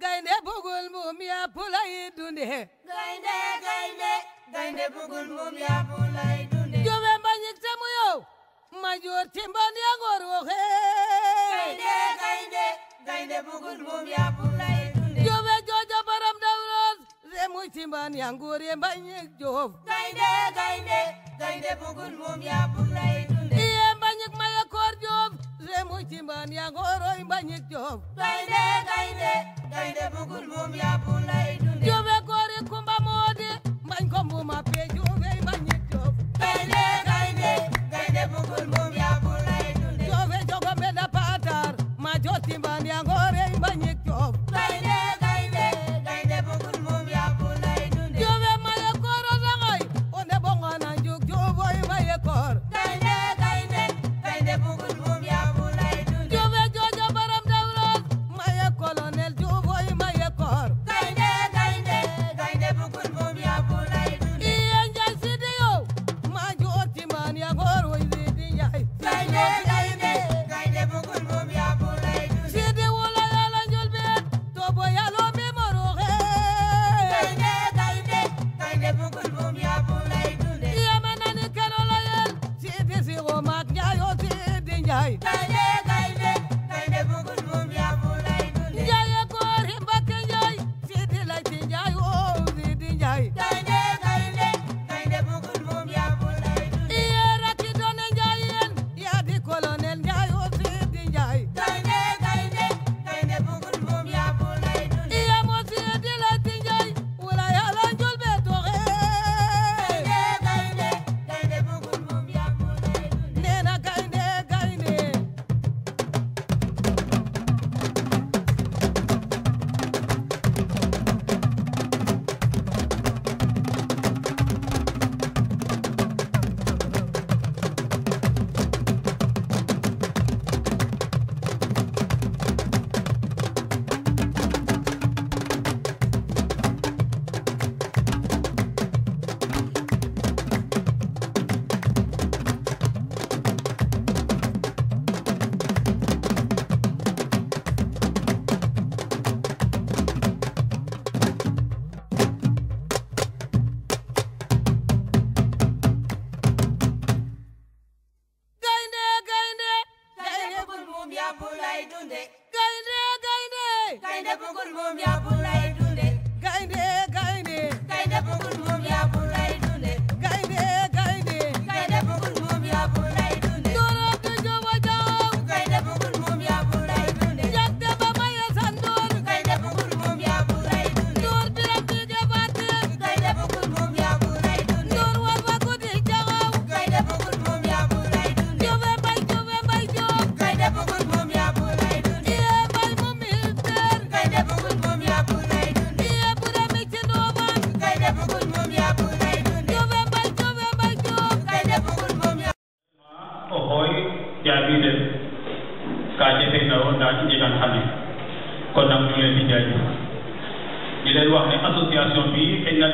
gaynde bugul mum baram dawros remu timban ya ngore mbanyik jof gaynde gaynde bu ci mbaan yaa ngooroy mbañik joob gaynde gaynde gaynde bugul mum yaa bu lay dunde juube koori kumba moodi mbañ ko muma pee juube mbañik joob gaynde gaynde gaynde bugul mum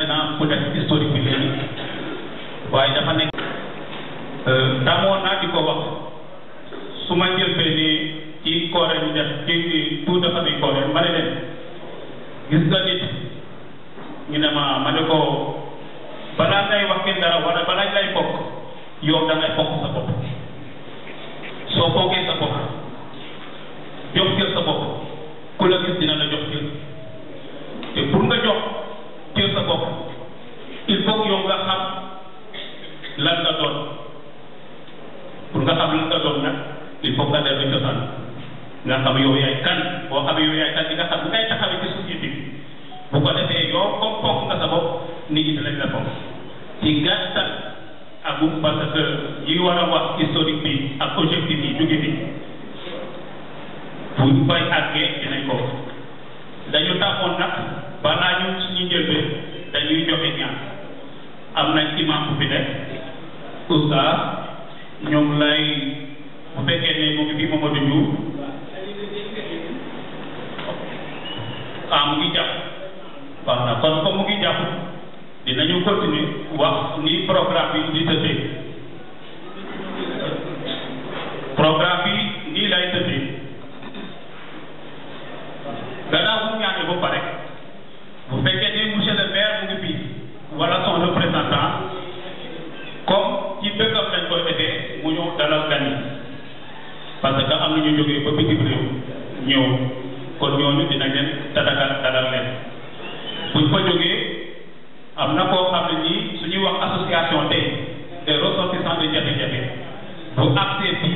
dinaa ko def historique bi léegi waaye dafa nekk euh, damoon naa di ko wax su ma jël ni ci koore bi def ci tout dafa bi koore ma ne gis nga nit ñu ne ma ma ne ko balaa ngay wax kenn dara wala balaa ngay bokk yow da ngay sa bopp soo bokkee sa bopp jox jël sa bopp ku la gis dina la jox foog yow nga xam lan nga doon pour nga xam lan nga doon nag il faut nga dellu cosaan nga xam yow yaay kan boo xam yow yaay kan di nga xam bu ngay taxawee ci société bi bu ko defee yow comme foog nga sa bopp nit ñi dinañ la foog ci gàttal akum parce que yi war a wax historique bi ak objectif yi jóge bi bu ñu fay àggee dinañ ko dañu taxoon nag balaa ñu ci njëlbeen dañuy joxe ñaan am nañ imam bu fi nekk oustaz lay bu fekkee ne mu ngi fi Mamadou Diouf ah mu ngi jàpp baax na kon comme mu ngi jàpp dinañu continuer wax ni programme yi di tëddee programme bi nii lay tëddee gannaaw bu ñaanee ba pare bu fekkee ne monsieur le maire wala son représentant comme ci dëkkam lañ koy defee mu ñëw dalal gan yi parce que am na ñu jógee ba bitim réew ñëw kon ñooñu dinañ leen tatagal dalal leen buñ fa jógee am na koo xam ne nii suñuy wax association tey des ressortissants de jafe-jafe bu accès bi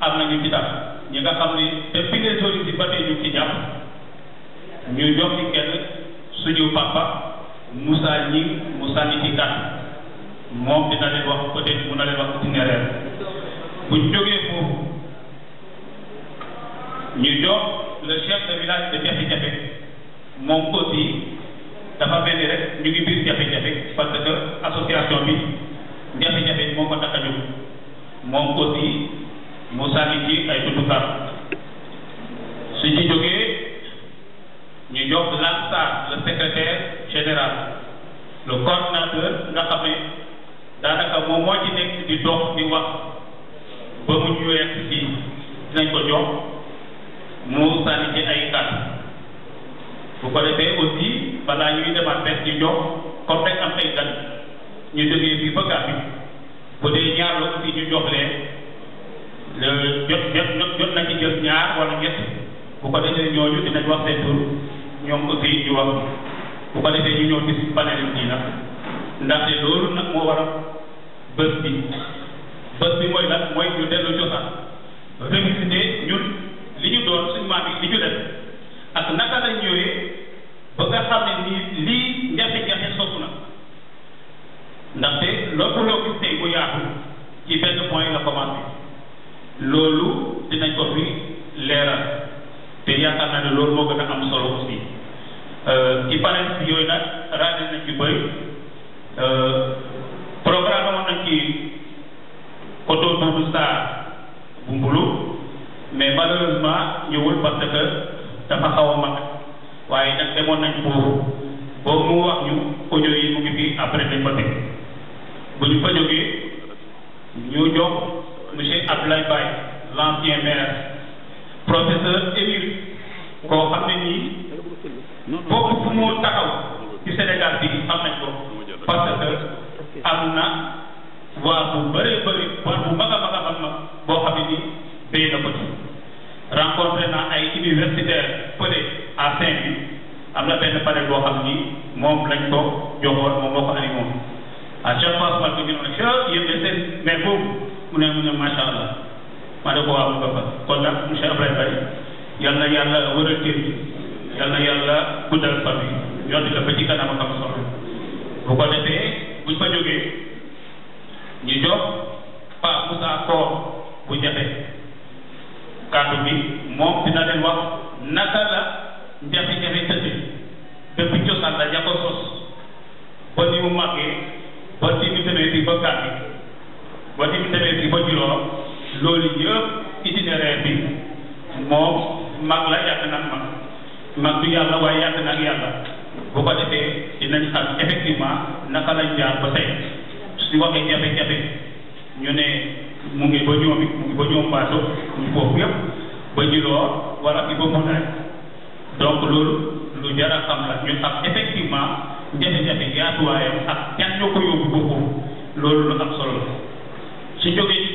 am na ñu ci daf ñi nga xam ne depuis les jours yi ba tey ñu ci jàpp ñu jox ci kenn suñu papa. Moussa ñi Moussa ñi ci kàddu moom dina leen wax peut-être mun na leen wax itinéraire bu ñu jógee foofu ñu jox le jafe-jafe moom aussi dafa mel ni rek ñu ngi biir jafe-jafe parce que association bi jafe-jafe moo ko moom aussi Moussa ñi ci ay dundukaat su ñu yóbbu Lansar le secrétaire général le coordinateur nga xam ne daanaka moom moo ci nekk di dox di wax ba mu ñëwee fii dinañ ko jox mu sànni ci ay bu ko defee aussi balaa ñuy demaat benn ñu jox comme rek am ay ñu jógee fii ba gàtt bu dee ñaar la aussi ñu jox leen le jot jot jot na ci jël ñaar wala ñett bu ko defee ñooñu dinañ wax seen tur. ñoom aussi ñu wax bu ko defee ñu ñëw ci panel bi nag ndaxte loolu nag moo waral bés bi bés bi mooy lan mooy ñu dellu cosaan ñun li ñu doon suñu maam li ñu def ak naka lañ ñëwee ba nga xam ne nii lii jafe-jafe soppu na ndaxte loolu loo gis tey bu yaatu ci benn point la commencé loolu dinañ ko fi leeral. te yaakaar loolu moo gën a am solo aussi euh, ci parents yooyu nag raade na ci bëri euh, programme woon nañ ci oto Doudou Sarr bu mbulu mais malheureusement ñëwul parce que dafa xaw a ma waaye nag demoon nañ foofu boobu mu wax ñu audio yi mu ngi fi après dañ ko teg bu ñu fa jógee ñu jox monsieur Abdoulaye Baye l' ancien maire. professeur émir koo xam ne nii bopp fu mu taxaw ci Sénégal bi am nañ ko parce am na waa bu bëree bëri waa bu mag a mag a boo xam ne béy na ko ci rencontré naa ay universitaire fële à Saint-Louis am na benn panel boo xam ni moom lañ ko joxoon moom moo ko animé à chaque fois ma ko ñëw nag ah, yéen seen mais boobu mu ne mu ne macha allah ma ne ko waaw nga fa kon nag monsieur Ablaye Mbaye yal na yàlla wëral kër gi yal na yàlla guddal fan yi yoon la fa ci kanam bu ko defee buñ fa jógee ñu jox Paa Moussa Koor bu bi moom dina leen wax naka la jafe-jafe tëdde depuis cosaan la ña ko sos ba ni mu màggee ba ci bi demee fii ba gàtt ba ci bi loolu yëpp itinéraire bi moom mag la yàgg nag mag mag du yàlla waaye yàgg nag yàlla bu ko defee dinañ xam effectivement naka lañ jaar ba tey su waxee jafe-jafe ñu ne mu ngi ba ñoom it mu ngi ba ñoom baaso ñu foofu yëpp ba jiloo wala lu jar a la ñu xam effectivement jafe-jafe yaatuwaayam ak ñan ñoo ko yóbbu ba foofu loolu lu am solo la su jógee ci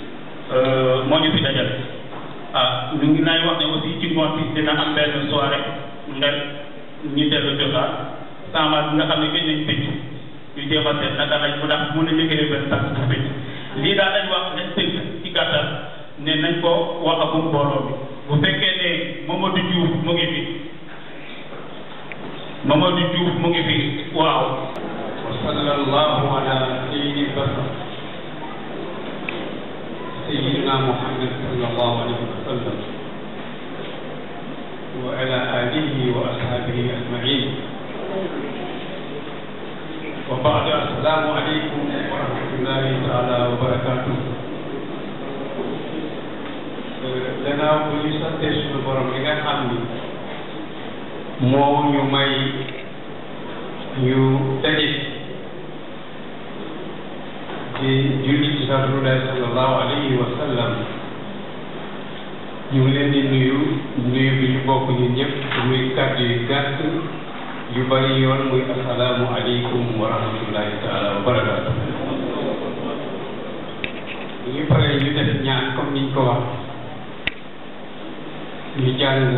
Euh, moo ñu fi dajal ah, wax ne aussi ci ngoon bi dina am benn soirée ndel ñu dellu jotaat samba bi nga xam ne gën nañ pénc ñu jéem a seet naka lañ mu ndax mën a yëkkale benn sax bu pénc lii daal lañ wax nañ tënk ci gàttal ne nañ ko wax ak mbooloo bi bu fekkee ne Mamadou Diouf mu ngi fi Mamadou Diouf mu ngi fi waaw wa sallallahu ala sayyidi basar سيدنا محمد صلى الله عليه وسلم وعلى آله وأصحابه أجمعين وبعد السلام عليكم ورحمة الله تعالى وبركاته لنا ko ñu sante suñu borom li nga xam ni moo ci julli ci rasulullahi sallallahu alayhi wa sallam ñu ngi leen di nuyu nuyu bi ñu bokk ñu ñëpp muy yu bari yoon muy asalaamu aleykum wa rahmatullahi taala wa barakaatu ñu paree ñu def ñaan comme ko wax ñu jàng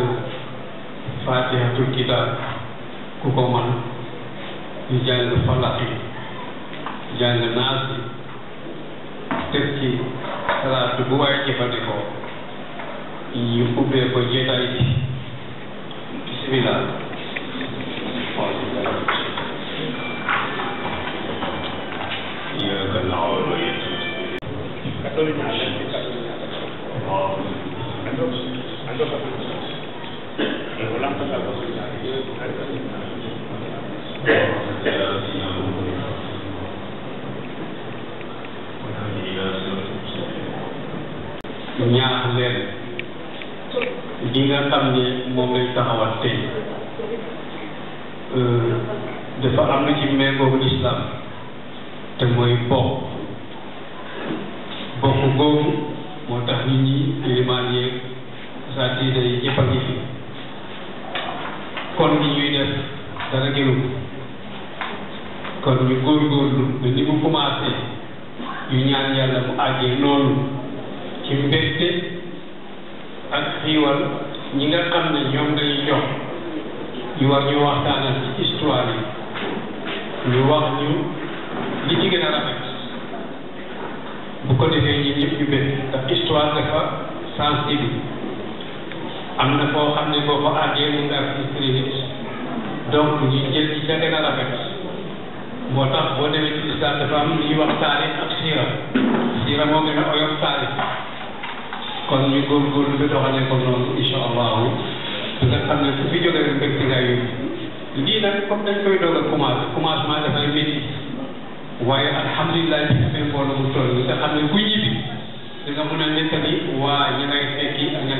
fatihatul kitab ku ko man ñu jàng teve que, sei lá, fazer a o público foi diretamente disseminado. E eu canal eu ia tudo. Catolina, né? ñaax leen li nga xam ne moom lay taxawal tey euh, dafa am na ci méngoobu islam te mooy bokk bokk googu moo tax nit ñi limaan yeeg saa diine yi ñëpp a ngi fi kon li ñuy def dara gënu kon ñu góorgóorlu ba ni mu commencé ñu ñaan yàlla mu àggee noonu ci mbégte ak xiiwal ñi nga xam ne ñoom dañuy jox ñu war ñu waxtaanal ci histoire yi wax ñu li ci gën a rafet bu ko defee ñi ñëpp ñu bég ndax histoire am na boo xam ne boo ko àggee mu nga ak donc ñu jël ci ca gën a rafet moo tax boo demee ci islam dafa am lu ñuy wax taarix ak siira siira moo gën a oyof taarix kon ñu góorgóorlu di doxalee ko noonu incha allahu nga xam ne su fi jógee mbégte nga yóbbu lii nag comme dañ koy doog a commencé commencement waaye alhamdulilah ci amee mbooloo mu toll nga xam ne ku ñibbi da nga mën a waa ña ngay fekki ak ña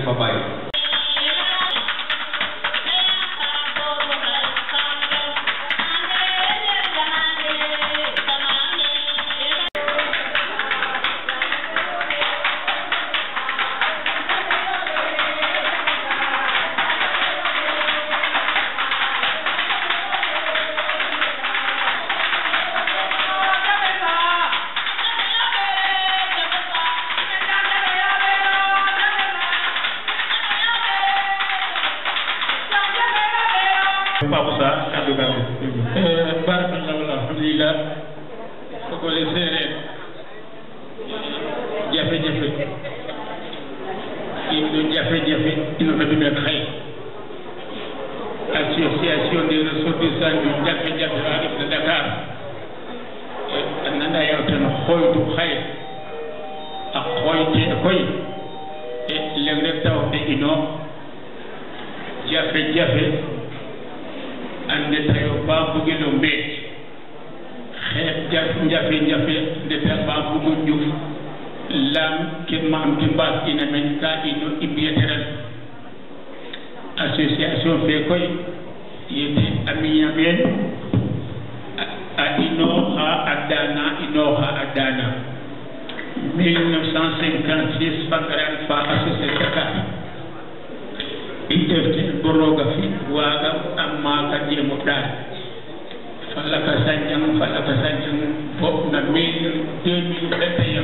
mai deux mille vingt et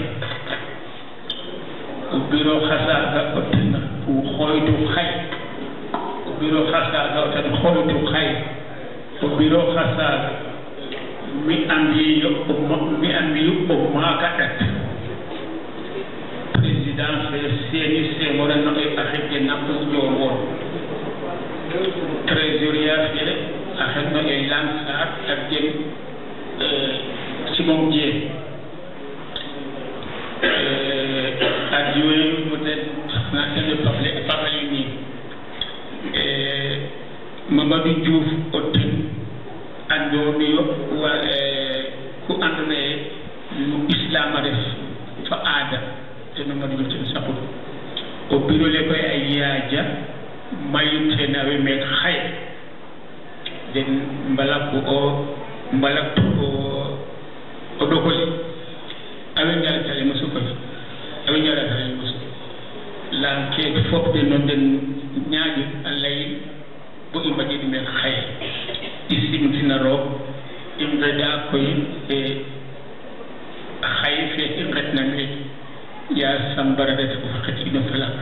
un bureau Xasaaga oten o xooytu xay bureau Xasaaga oten xooytu xay o bureau Xasaaga mi andiyo mi andiyo o maaka ɗat présidence fe seni sengora noxe axen ke naku njongor trésorier fene axen no euh, e lansar ak jen ci moom jéem ak yooyu peut-être naa seetlu pafle pafale nii euh, Mamadou Diouf otti yo euh, ku ànd na lu islam a def fa aada te Mamadou Diouf ten saqut o birole koy a yaaja mayum te nawe men xaye den mbalak o mbalak o o ɗokoli aɓe ngarata e musukoɓe aɓe ngarata e musuko lankeɓe fofde noon nden ñaaƴi allah yi bo i mbaɗi ɗumen hayre ɗi simtinaro ɗum reda koye e hay fe ɗi retnanɓe ya sambarade ko fakkati ino falak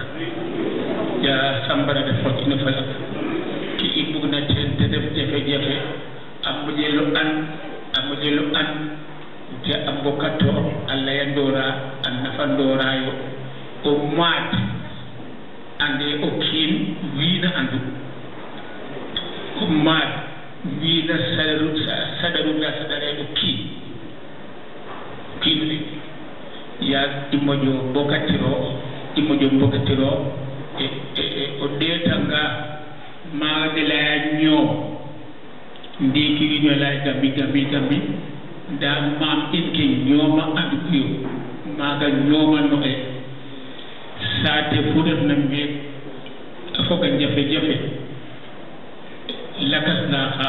ya sambarade fot ino falak ki i ɓugnatede def jafe jafe ammo ƴeelo an ammo ƴeelo an te ambokato allah yandora an nafandorayo o maate ande o kiin wiina andu ko maat wiina saru saɗaruga saɗare o kii kiinu ɗi ya i moƴo bokatiro i moƴo bokatiro e, e, e o ɗeetanga maɓe laya ño ndikiriñolaa gami gami gami nda maam in ke ñooma addukuyo maaga ñooma noxe saate fu refna mbiir a foga jafe jafe lakas na xa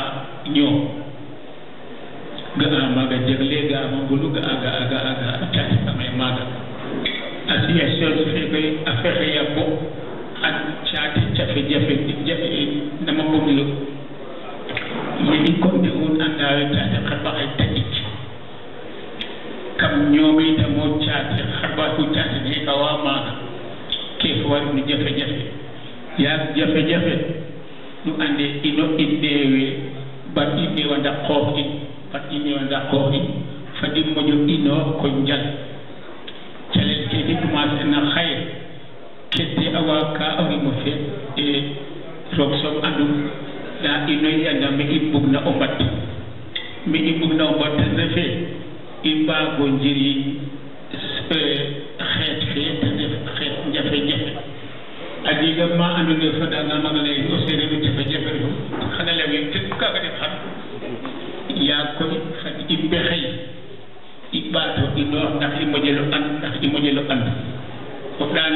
ñoom ga'a maaga jegle ga'a ma mbulu ga'a ga'a ga'a ga'a a taxitame maaga association fe koy a fexeya bo xan caate jafe jafe jafe nama mbogilo yeni comme ne un anda we taxita xeɓaxe taƴik kam ñoomiide mo caate harbatu caate ne kawa maɗa keefo waɗi no jafe jafe yaag jafe jafe nu ande ino inɗeewe bat inɗeewa dakkoof in bat inɗeewa dakkoof in fadi moƴo ino ko njal calel ke kedi commencé na hayre kedde awa ka awrimo feet e roog soom andum yanga me i mi na o mbat me i mi na o mbatte refe imbaago njëriñ xeet fee te xeet jafe-jafe ak yi nga maa àndoon ne fa daal naa xanaa la wéy te kaa ko def xam yaa koy xam i baato i noor ndax ndax i mojelo and foofu daa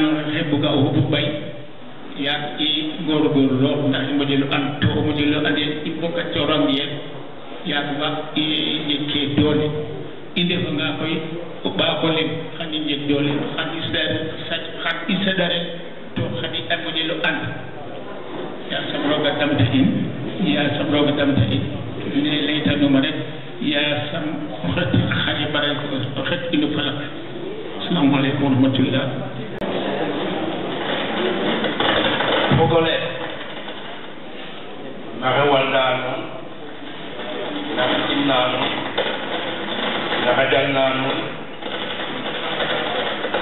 i góorgóorlu lool ndax i mojelo and andee i bokka coorang yeeg yaa ko ba i njëkkee doole inde ko nga koy ko ɓaakolen hani ñegdole hani han iseɗare to hani ɗagoñelo an yasam roga damta in yasam roga damta in ne leytanuma rek yasam xet xaƴa ɓaray ko xet ino falak assalamu aleykum wa rahmatullah fogole maxe walɗano naxa imnano hajal naanu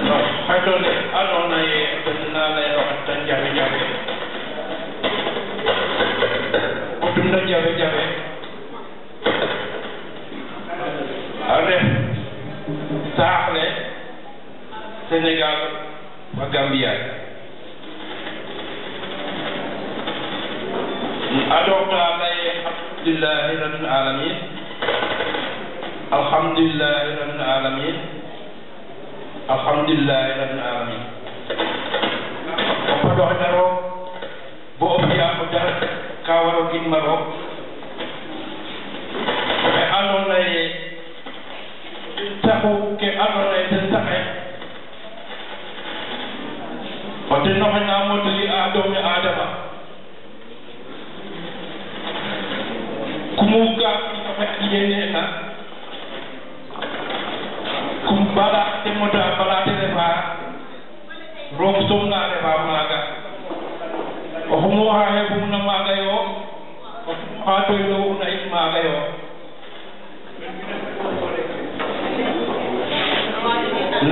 no haydone alona e ɓesnala e waɗat tan jafe jafe ko ɗum no jafe jafe aref saahle sénégal fa gambiya aɗo ko ala e alhamdulillahi rabbil alamin Alhamdulillahirabbil alamin. Alhamdulillahirabbil alamin. Kepada hadirin bo dia udah kawaro kin maro. Ke anonai tahu ke anonai tentahe. Pada nama nama dari ya Adam. Kumuka sampai dia nak mbaɗa ɗemmoda mbaɗate refa room somna refa maga o humo ha heɓumna maga yo o ha toylowuna yit maga yo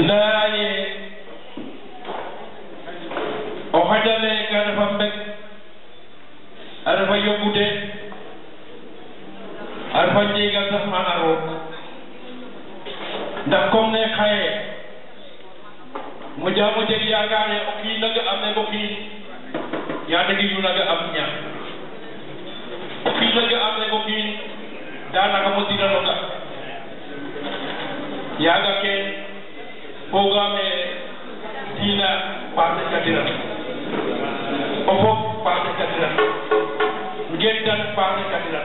ndaye o hajale ka refa mbek a refa yobbude a refa jegal saf mana roog ndax comme ne xaye mo jamo jeg yakaare o kiin a ga'am ne fo kiin Yandagirou naga am ñaar kii naga am ne ko kii daanaka mo dina loga yaaga ke fogaame diina paate kadira o fop paate kadira ngentan paate kadira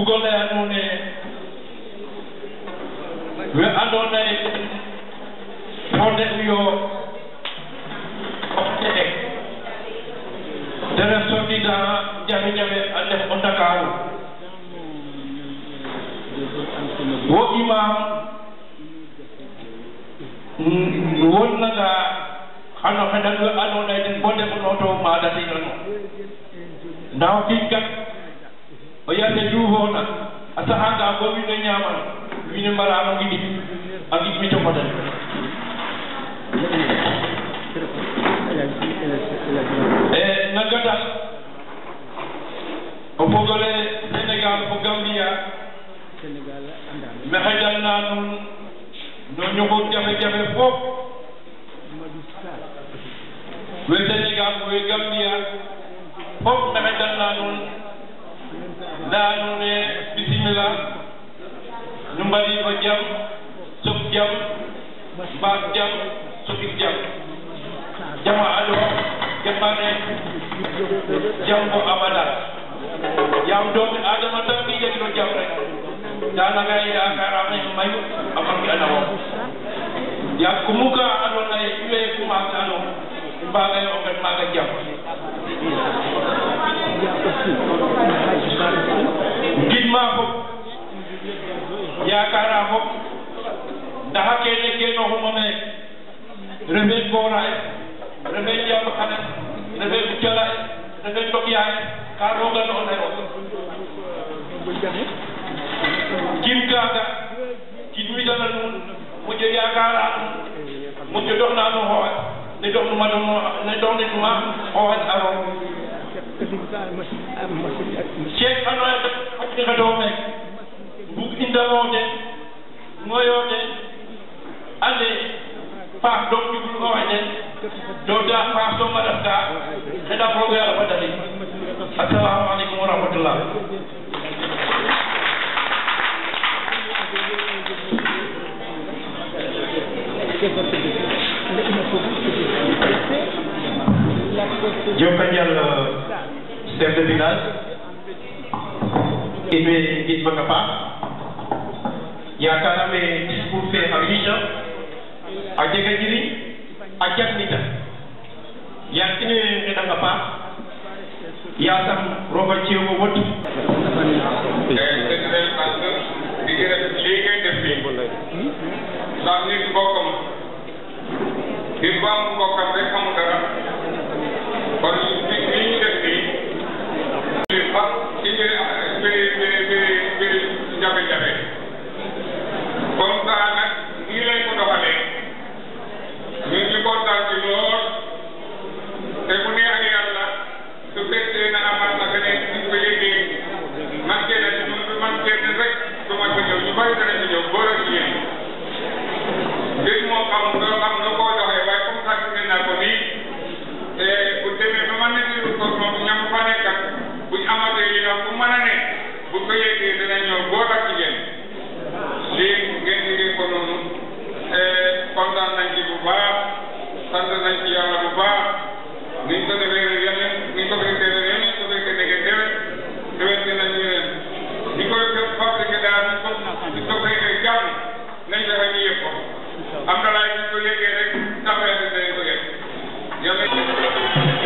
bugol e we anon e fonde yo ofte e dere sonnida jafe jafe andef o dakaru wo imam mm, wonnaga xano xeɗan we anon e den bo ndefunoto maɗatinono ndaw o yiyande duufo tan a sahanga bo wiɗo ñaaman mine mbaɗama giɗi a giɗi mi jommoten e eh, naggata o fogole sénégal ko gambiya mi haydalna ɗum no ñogo jafe jafe fof we sénégal we gambiya fof mi haydalna ɗum daañu ne bisimilah ñu mbari ba jàmm sëb jàmm baat jàmm sëbit jàmm jama alo jamane jàmm bu abada jàmm doomi adama tam ni yegg doon jàmm rek daanaka yaakaar am nañu mayu amal ki anawo kumuka alo na yule kumaka alo mbaga yo kat maga jàmm gidma fop yakara fop ndaxa kene genoxuma mene refe goora e refe jamba xane refe jala e refe ndok yaay ka roga no one o kim kaga kim widana nuun moƴo yakara moƴo doxna no xooxe ne doxnuma ne doxnituma xooxes a roog ceertanoe hakke hedoo men mbug indamoode ngoyoode ande paam ɗon jublu o enen dowda paam ɗon mbaɗat ga heɗa fogo yo allah waɗani assalamu aleykum wa rahmatullah Thank you. Jokkal uh, chef de village Ibn Ibn Makapa yaakaarame discours a wiica a jega njiriñ a jagnita yaag ine ngeɗanga paax yasam roga ceego wod senel parce que ndiki ref lii ngay def fi ndax nit mbokkam kon li li ñu def fii nekkat buñ amatee yi nag bu mën a ne buñ ko yëgee dina ñëw boo takk ngeen lii ngeen liggéey ko noonu kontaan nañ ci bu baax sant nañ ci yàlla bu baax niñ ko defee rek yàlla niñ ko fekkee rek yàlla ko fekkee nekk déwén déwén dina ñu leen ñi koy def fàtte que daal di ko fekkee jàmm nañ fexe ñu yëg ko am na laay ko yëgee rek taxawee rek day ko yëg yàlla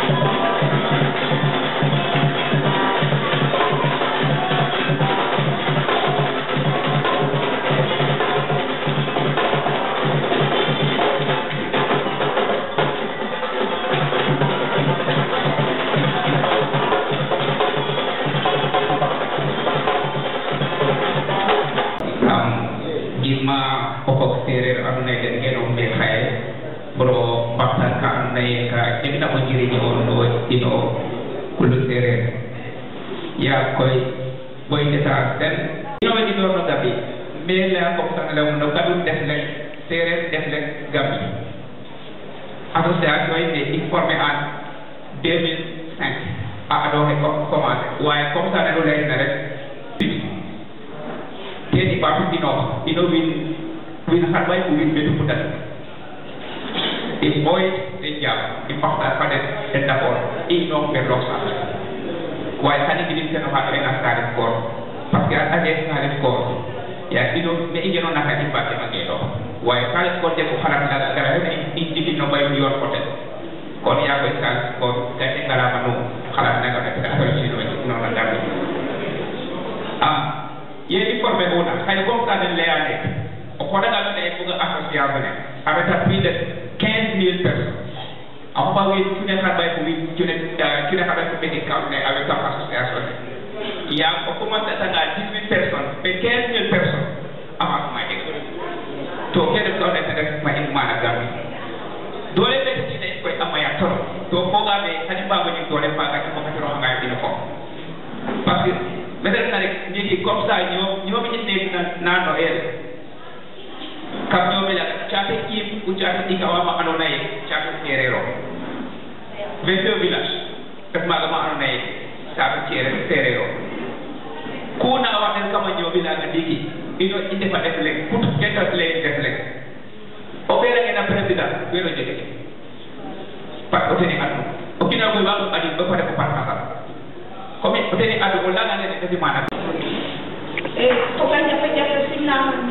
foog séeréer am na den genum me xaye boro baxtan ka and naye ka jegna o njiriñ o no ino kulu séeréer yaa koy boy ndeta ten inowe inoor no gabi mais leya fop sang lewum no gabi def lek séeréer def lek gabi association yi ne informé an 2005 a adoxe commencé waaye comme ça ne u leyna rek ten i mbatu inoox ino wiin with advice with beautiful that. If boy then jam, if pastor fadet then the boy, if no perros up. Why can it be sent over in a started court? Parce que à des started court. Ya sino me ingeno na kati pati magelo. Why started court ko haram na na kara ni inti no by your court. Kon ya ko started court kati kala manu haram na kara kara ko sino no na dami. Ah, ye informe ona, kay ko ka den le ane. kono ga ne ko ga associé abone ame ta 15000 personnes apa wi kune ka bay ko wi kune kune ka bay ko be ka ne ame ta association ya ko ko man ta ga 18 personnes be 15000 personnes ama ko may to kede to ne ta ma en ma na gami dole be ti ne ko ta ma ya to to ko ga be tani ba woni dole pa ga ko ko ro ga ni ko kam ɗo mila cate kiim u cate ɗika wama andoona ye cate seereer o vingt deux village ref maaga ma andoona ye cate seereer seereer o ku naawa ten kama ñoominaaga ndiiki ino i ndefa ndef leŋ put etat leye ndef leŋ o ɓeerange na président weeno jege parce que o tene andu o kiina koy waago andin ba pare o parmasal comme o tene andu o laanga nene defi maana fogan jafe jafe simnaxam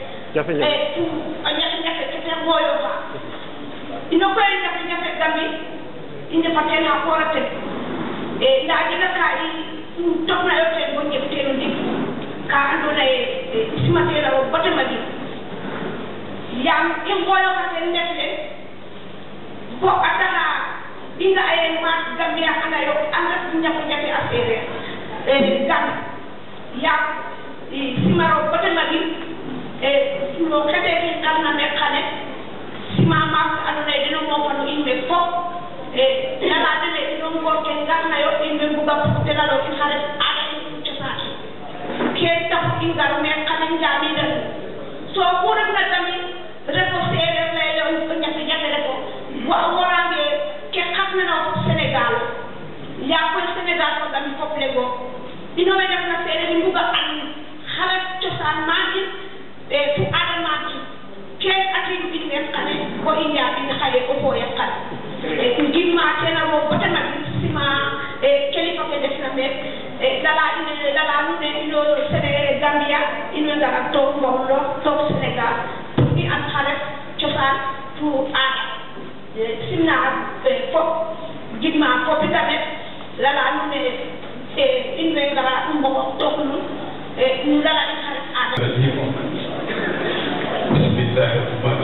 jafe-jafe ay jafe-jafe ete wooyo fa ina koye jafe-jafe gambi inde faten ha koraten e ndaajina ka i ɗum tognayo ten bo ƴeɓteno ndi ka andona e simatera o botemadi yam i ngoyoka ten ndefte bo a taxa i nga aye maak gambia andayo andat jafe-jafe a seereer gambi yam simaro botemadi e no keɓe en ɗamname hane sima mako annduɗa e ɗino mofano yimɓe fof e ñalaɗe ɓe ɗinon gorke garnayo yimɓe mbuga putelalo in haɗa aɗa cosaki ken tax in garu men hane jamiɗen so kurenna tami refo seeɗer leyɗe o ñakke ñakke refo worange ke xamnano sénégal yakoy sénégal ko ɗami fof lego ɗino ɓe refna seeɗer mbuga an haɗa cosan maɗin to adamaki ken atin ɓinnen kane ko injaɓin haye o foye kan gimma kenamo botanak sima kelifa ke ndefna men lala ine lala nune ino séné gambia ino ngara toog mborlo toog sénégal pour i an xaret cosaan pour aada simna fop gimma fopi tamet lala nune in we ngara mbogo toog nun nu lala in xaret aada that, but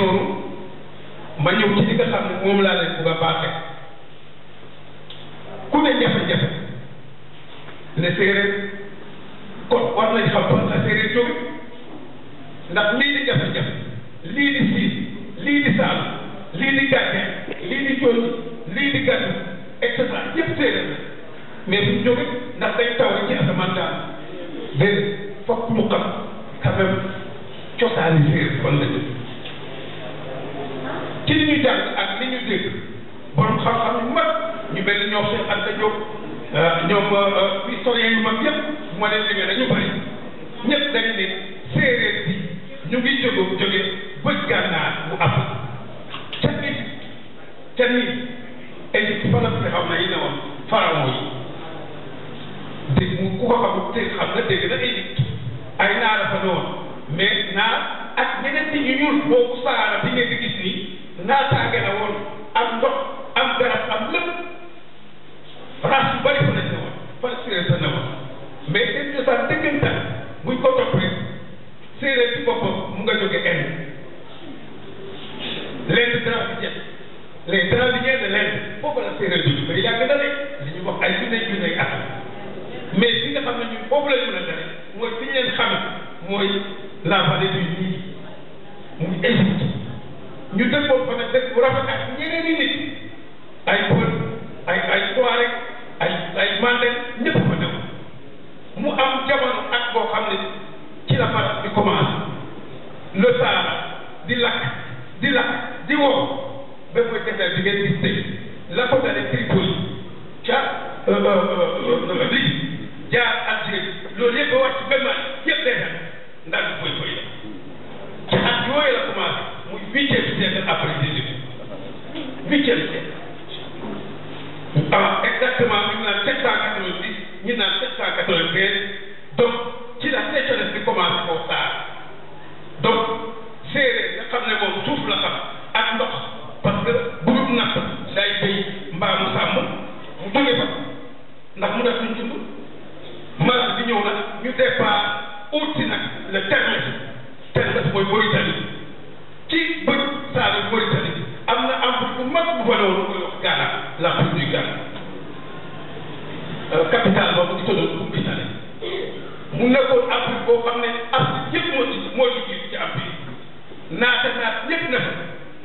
noonu ma ñëw ci li nga xam ne moom laa leen bugg a baaxee ku ne jafe-jafe ne séeréer kon war nañ xam fan la séeréer jóge ndax lii di jafe-jafe lii di siis lii di saal lii di gàcce lii di jooju lii di gàddu et cetera yëpp séeréer la mais bu jóge ndax day taw rek ci asamaan daal déedéet fokk ñu xam quand même cosaani séeréer fan la jóge ci li ñu jàng ak li ñu dégg borom xam-xam yu mag ñu mel ni ñoom Cheikh Anta Diop euh, ñoom euh, historien yu mag yëpp moo leen limee dañu bari ñëpp dañ ne séeréer bi ñu ngi jógoo jóge bëj gànnaar bu Afrique ca nit ca nit Égypte fa la fi xam na yi ne woon pharaon yi dégg mu ku na dégg na Égypte ay ak ñeneen nit ñu ñuul boobu saara bi ngeen di gis nii naataange la woon am ndox am garab am lépp race yu bëri fa lañ ne woon fan séeréer sa ne woon mais seen cosaan dëggantaan buñ ko topp rek séeréer ci boppam mu nga jóge Inde lenn dravidienne les dravidienne de lenn foofu la séeréer juddu mais yàgg na rek li ñu wax ay junne junne at mais li nga xam ne ñun foofu la ñu mën a dare mooy fi ñu leen xamee mooy la vallée du Nil muy Égypte ñu dëkkoon fa nag dëkk bu ay pël ay ay soirée ay ay mandel ñëpp fa dem mu am jamono ak boo xam ne ci la farat di commencé le Sahara di lakk di lakk di wow ba mooy désert bi ngeen gis tey la ko dalee Tripoli ca euh, euh, euh, Libye jaar Algérie loolu yëpp ba wàcc benn yëpp day dem ndax du koy koy ca at yooyu la commencé. huitième siècle après Jésus-Christ huitième siècle ah exactement ñu naan sept cent quatre-vingt-dix ñu naan sept cent quatre-vingt-treize donc bi commencé foofu saa donc séeréer nga xam ne moom suuf la xam ak ndox parce que bu mu natt day béy mbaamu sàmm mu jóge fa ndax mu def suñ dund mars bi ñëw nag ñu départ août si nag le terme terme mooy Mauritanie ci bëj Saalum Mauritanie am na emploi bu mag bu la woon koy wax Ghana l'emploi du Ghana euh, capital boobu di tolloon bu Mauritanie mu nekkoon emploi boo xam ne Afrique yëpp moo ci moo liggéey ci emploi naata naat ñëpp na fa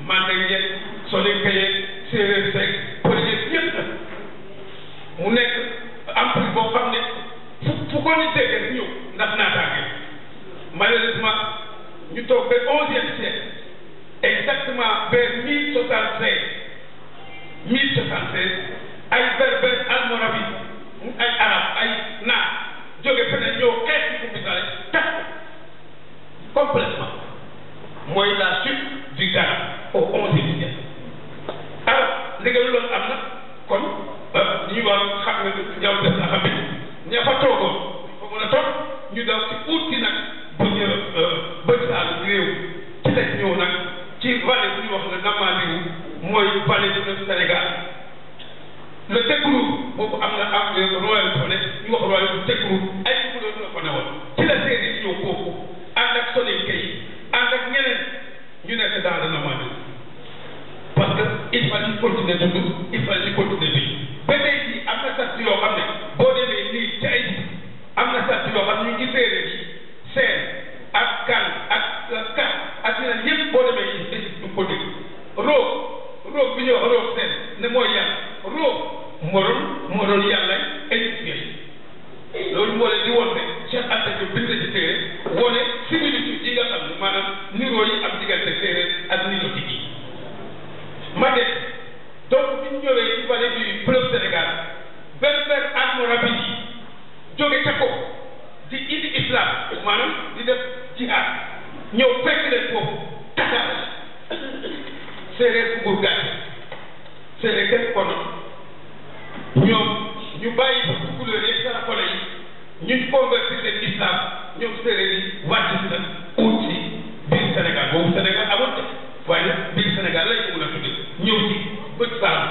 Mandeng yeeg Soninke yeeg Séeréer seeg Pël ñëpp na mu nekk emploi boo xam ne fu fu ko ni dégg ñëw ndax naataange malheureusement ñu toog ba exactement vers 1076 1076 ay berber almoravi ay arab ay naar jóge feneen ñëw xeex ci bu misale tas ko complètement mooy la chute du Ghana au onzième siècle alors ndigal loolu am na kon euh, ñu war xam ne ñaw def na xam ne fa toogoon fa mën a toog ñu daw ci uut ci nag ba ñëw euh, ba saalu réew ci lañ ci vallée bu ñu wax la Namadiou mooy vallée du Sénégal le Tégrou boobu am na am royaume bu ne ñu wax royaume bu Tégrou ay couleur la ko newoon ci la séeréer yi ñëw foofu ànd ak Soninke yi ànd ak ñeneen ñu nekk dans le Namadiou parce que il faut ñu continuer dund il faut ñu continuer bi ba tey jii am na sart yoo xam ne boo demee nii ci ay am na sart yoo xam ne ñu ngi séeréer yi seen ak kan ak kan. naturel yëpp boo demee ci Égypte du ko dégg roog roog bi ñuy wax roog seen mooy yàlla roog moo doon moo doon yàlla Égypte yooyu loolu moo leen di woon ne Cheikh Anta Diop bind na ci téere wone similitude yi nga xam ne maanaam niroo yi am diggante séeréer ak niroo yi ma def donc bi ñu ñëwee ci vallée du fleuve Sénégal Berber Almoravid yi jóge ca ko di indi islam maanaam di def jihad ñëw fekk leen foofu tasaare séeréer bu ko na ñoom ñu bàyyi bu couleur yi sarakole yi ñu convertir leen islam ñoom séeréer yi wàcc si biir Sénégal boobu Sénégal amoon na waaye nag biir Sénégal lañ ko mën a tudde ñëw ci bët saam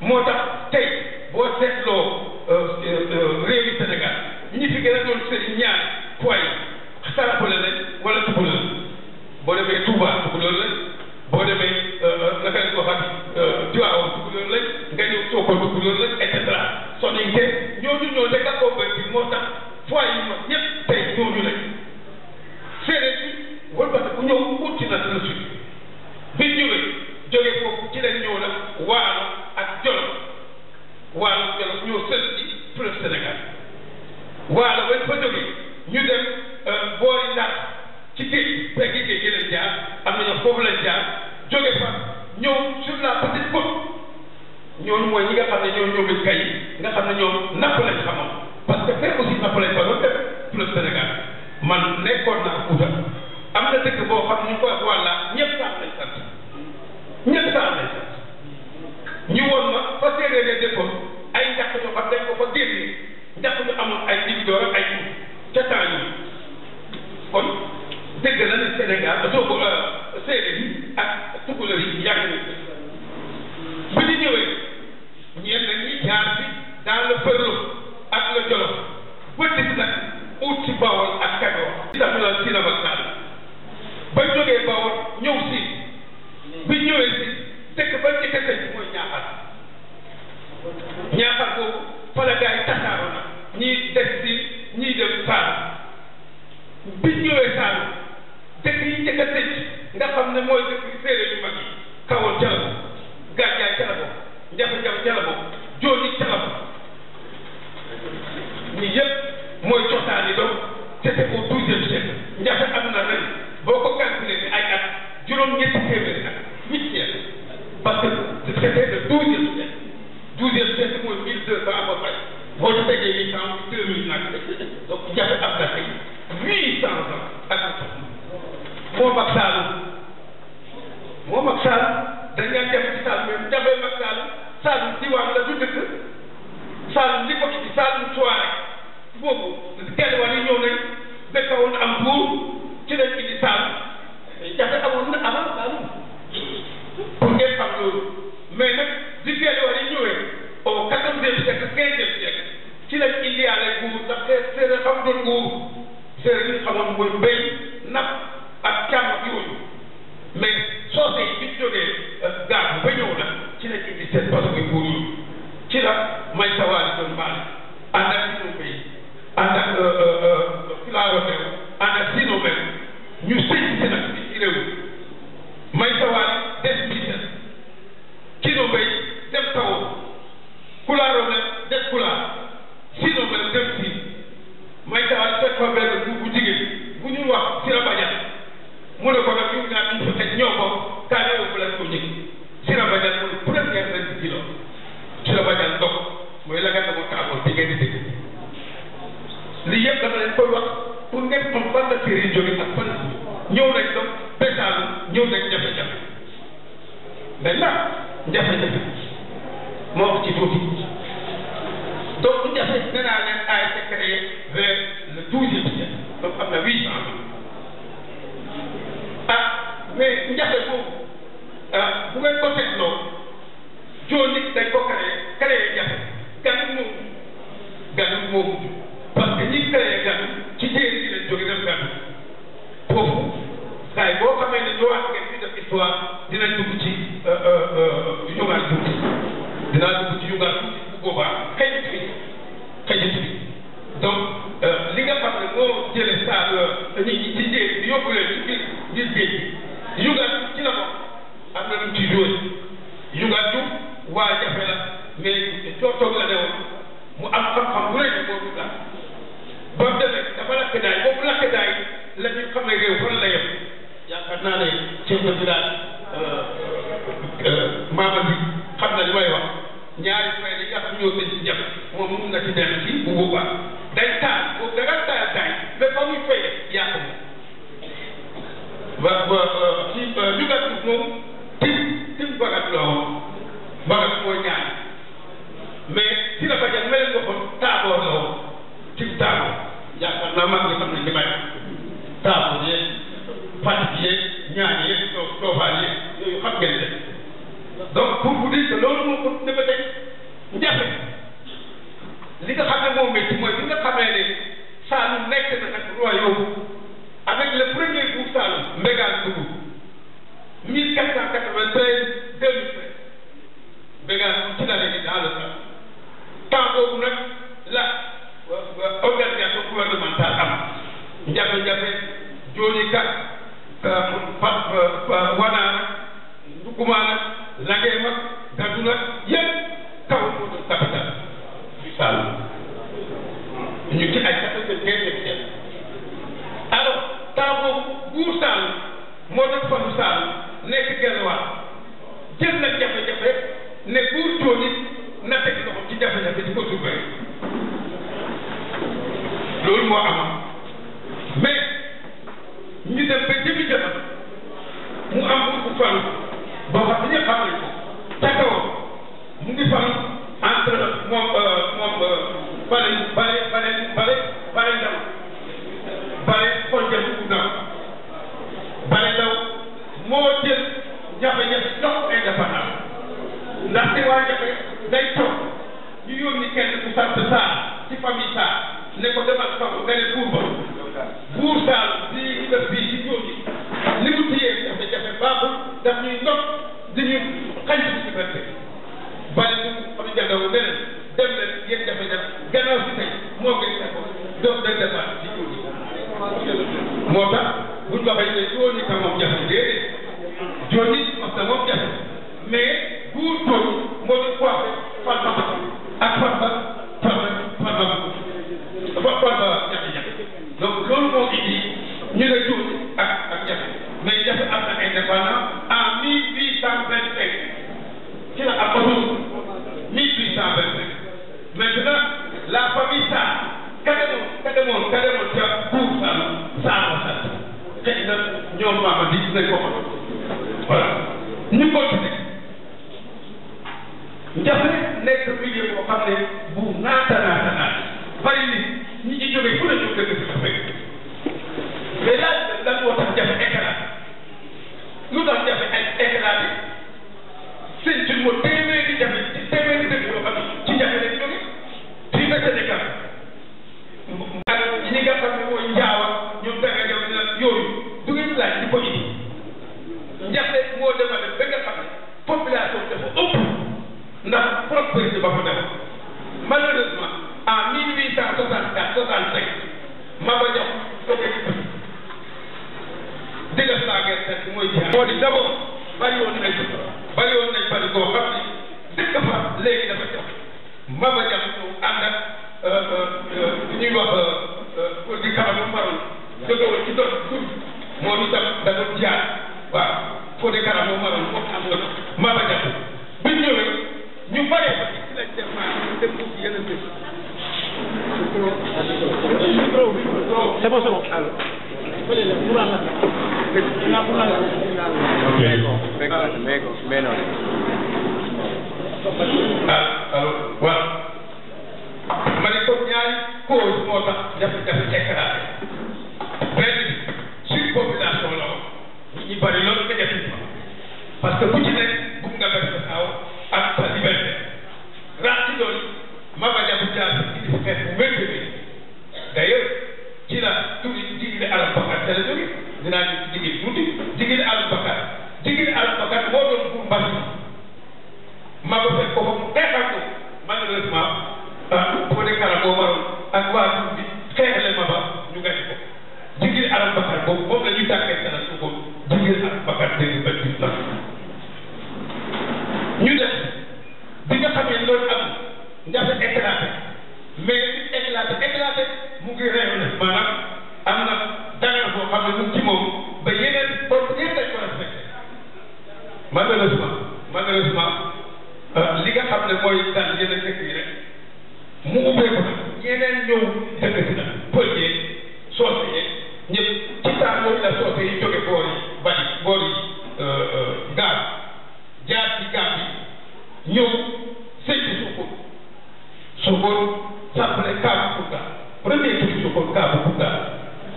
moo tax tey boo seetloo euh, euh, euh, réewi Sénégal ñi fi gën a doon sëriñ ñaar saraxule lañ wala tukulóor boo demee Touba tukulóor lañ boo demee naka lañ ko xam Tiwaawan tukulóor lañ nga ñëw Sokone tukulóor lañ et cetera soninke ñooñu ñoo nekk ak convertir moo tax fois yi mag ñëpp tey ñooñu lañ séeréer bi ku ñëw utti na le sud bi ñëwee jóge foofu ci lañ ñëw nag waalo ak jolof waalo jolof ñoo sën ci fleuve Sénégal waalo bañ fa jógee ñu Euh, boori ndax ci i pegg géej gi na ñoo foofu lañ jaar jóge fa ñëw sur la petite côte ñooñu mooy ñi nga xam ne ñoo ñëw kay nga xam na ñoom napp lañ xamoon parce que na aussi napp lañ fa doon def tout le Sénégal man nekkoon naa Fuuta am na dëkk boo xam ne ñu koy wàlla ñëpp saam lañ sant ñëpp saam lañ sant ñu woon ma fa séeréer yi dëkkoon ay njàq ñu ko fa génne njàq ñu amoon ay dibi door ay ca temps yi kon dëgg la ne Sénégal soo ko euh, séeréer yi ak tukulóor yi yàgg bi ñu ñëwee ñenn ñi jaar ci dans le Ferlo ak le Jolof ba nit nag ut ci Bawol ak Kajoor ci dafa la si la ba naan ba jógee Bawol ñëw si bi ñëwee si dëkk ba njëkk a tëj mooy ñaaxal ñaaxal boobu fa la gars yi tasaaroo na ñii des si ñii dem faar bi ñëwee Saalum dëkk yi njëkk a tëj nga xam ne mooy dëkk séeréer yu mag yi kawoon ca la ko gàddaay ca la ko njafe-njafe ca la ko jooni ca la ko ñii yëpp mooy coxtaan yi doon te te au douzième siècle njafe am na ren boo ko calculé bi ay at juróom-ñetti téeméeri at huit siècle parce que c'était le douzième siècle douzième siècle mooy mille deux cent à peu près boo ci tegee huit cent deux mille nag donc njafe am na tey huit cent ak moom ak Saalum moom ak Saalum dañ naan jafe ci Saalum même jafe ak Saalum Saalum diwaan la du dëkk Saalum li ko ci Saalum soirée boobu teel wàll yi ñëw nañ dëkk yeneen ñëw dëkk na pël yeeg soose yeeg ñëpp ci taal boobu la soose yi jóge boor yi bari boor yi euh, euh, gaal jaar ci gaal bi ñëw sëñ bi Sokone Sokone sàppale Kaaboukounda premier tur Sokone Kaaboukounda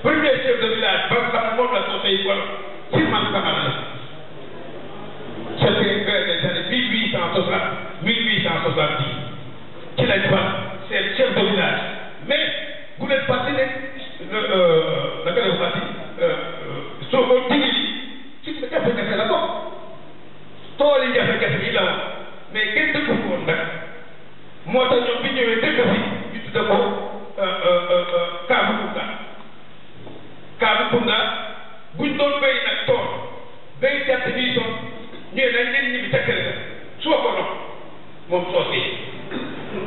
premier chef de village ba xam moom la soose yi wala Sirman Kamara la c'était vers les années mille huit cent soixante mille huit cent soixante dix ci lañ fa c'est le chef de village mais bu leen fàtte ne naka la fàtte soo ko digili la bokk tool yi jafe-jafe yi la woon mais kenn dëkk fi woon nag moo tax ñoom bi ñëwee dëkk fi ñu tudde ko kaabu bunga kaabu doon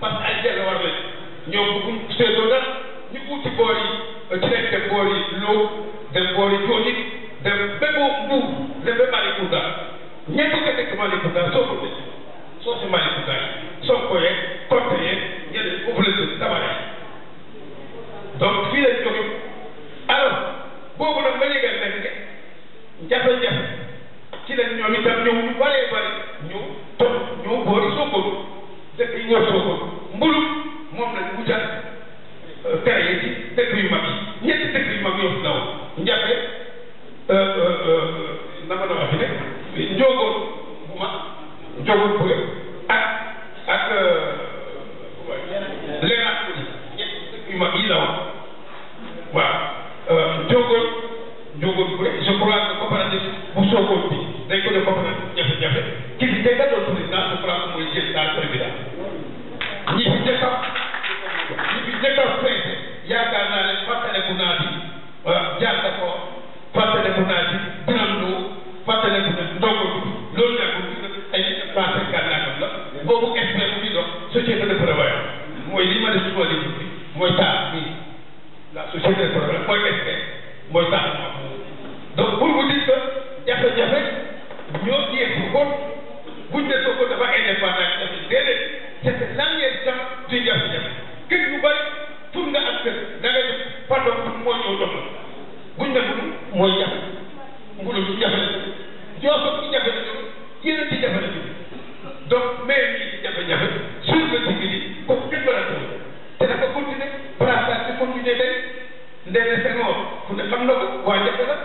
parce que ay jël war lañ ñoom bëgguñ seetoo dara ñu uuti boor yi euh, ci nekk dem boor yi Lo dem boor yi Diohine dem ba Mbour dem ba Malicounda ñett nga nekk Malicounda soo ko soo si Malicounda soo ko yeeg Korte yeeg ñeneen population Tabara donc fii lañ jógee alors boobu nag ba yëgal nekk jafe-jafe ci lañ ñoom itam ñëw ñu bëree bëri ñëw toog ñëw boori Sokone. dëkk yi ñoo soo ko mbulu moom lañ mu jàpp créé ci dëkk yu mag yi ñetti dëkk yu mag yoo fi daw njàppe na ma la waxee rek njóogoon bu mag njóogoon bu ak ak euh, leeraat bu ñetti dëkk yu mag yi daw waaw njóogoon euh, njóogoon bu je crois que coopérative bu soogoon bi dañ ko def coopérative jafe-jafe ki fi tegaloon président je crois que mooy jël daal président ñi fi njëkk a ñi fi njëkk a feete yaakaar naa ne fàttaliku naa bi jaar na ko fàttaliku naa bi binam lu fàttaliku na ndongo bi loolu nag bu ay passé gànnaagam la boobu expert bi dox société de prévoyance mooy li ma def suma li bi mooy tax bi la société de prévoyance mooy expert mooy tax donc pour vous dire que jafe-jafe ñoo jeex ko buñ ne ko dafa indépendant déedéet c'est que lan ngeen tax di jafe-jafe kër yu bëri pour nga am kër da ngay def pardon moo ñëw doon la buñ ne mbulu mooy jafe mbulu ci jafe la jooso ci jafe la yéen ci jafe la donc mais lii ci jafe-jafe sur le digg bi kooku kenn mën a doon te dafa continuer brassage bi continuer tey ndene Senghor fu ne xam na ko waa jafe la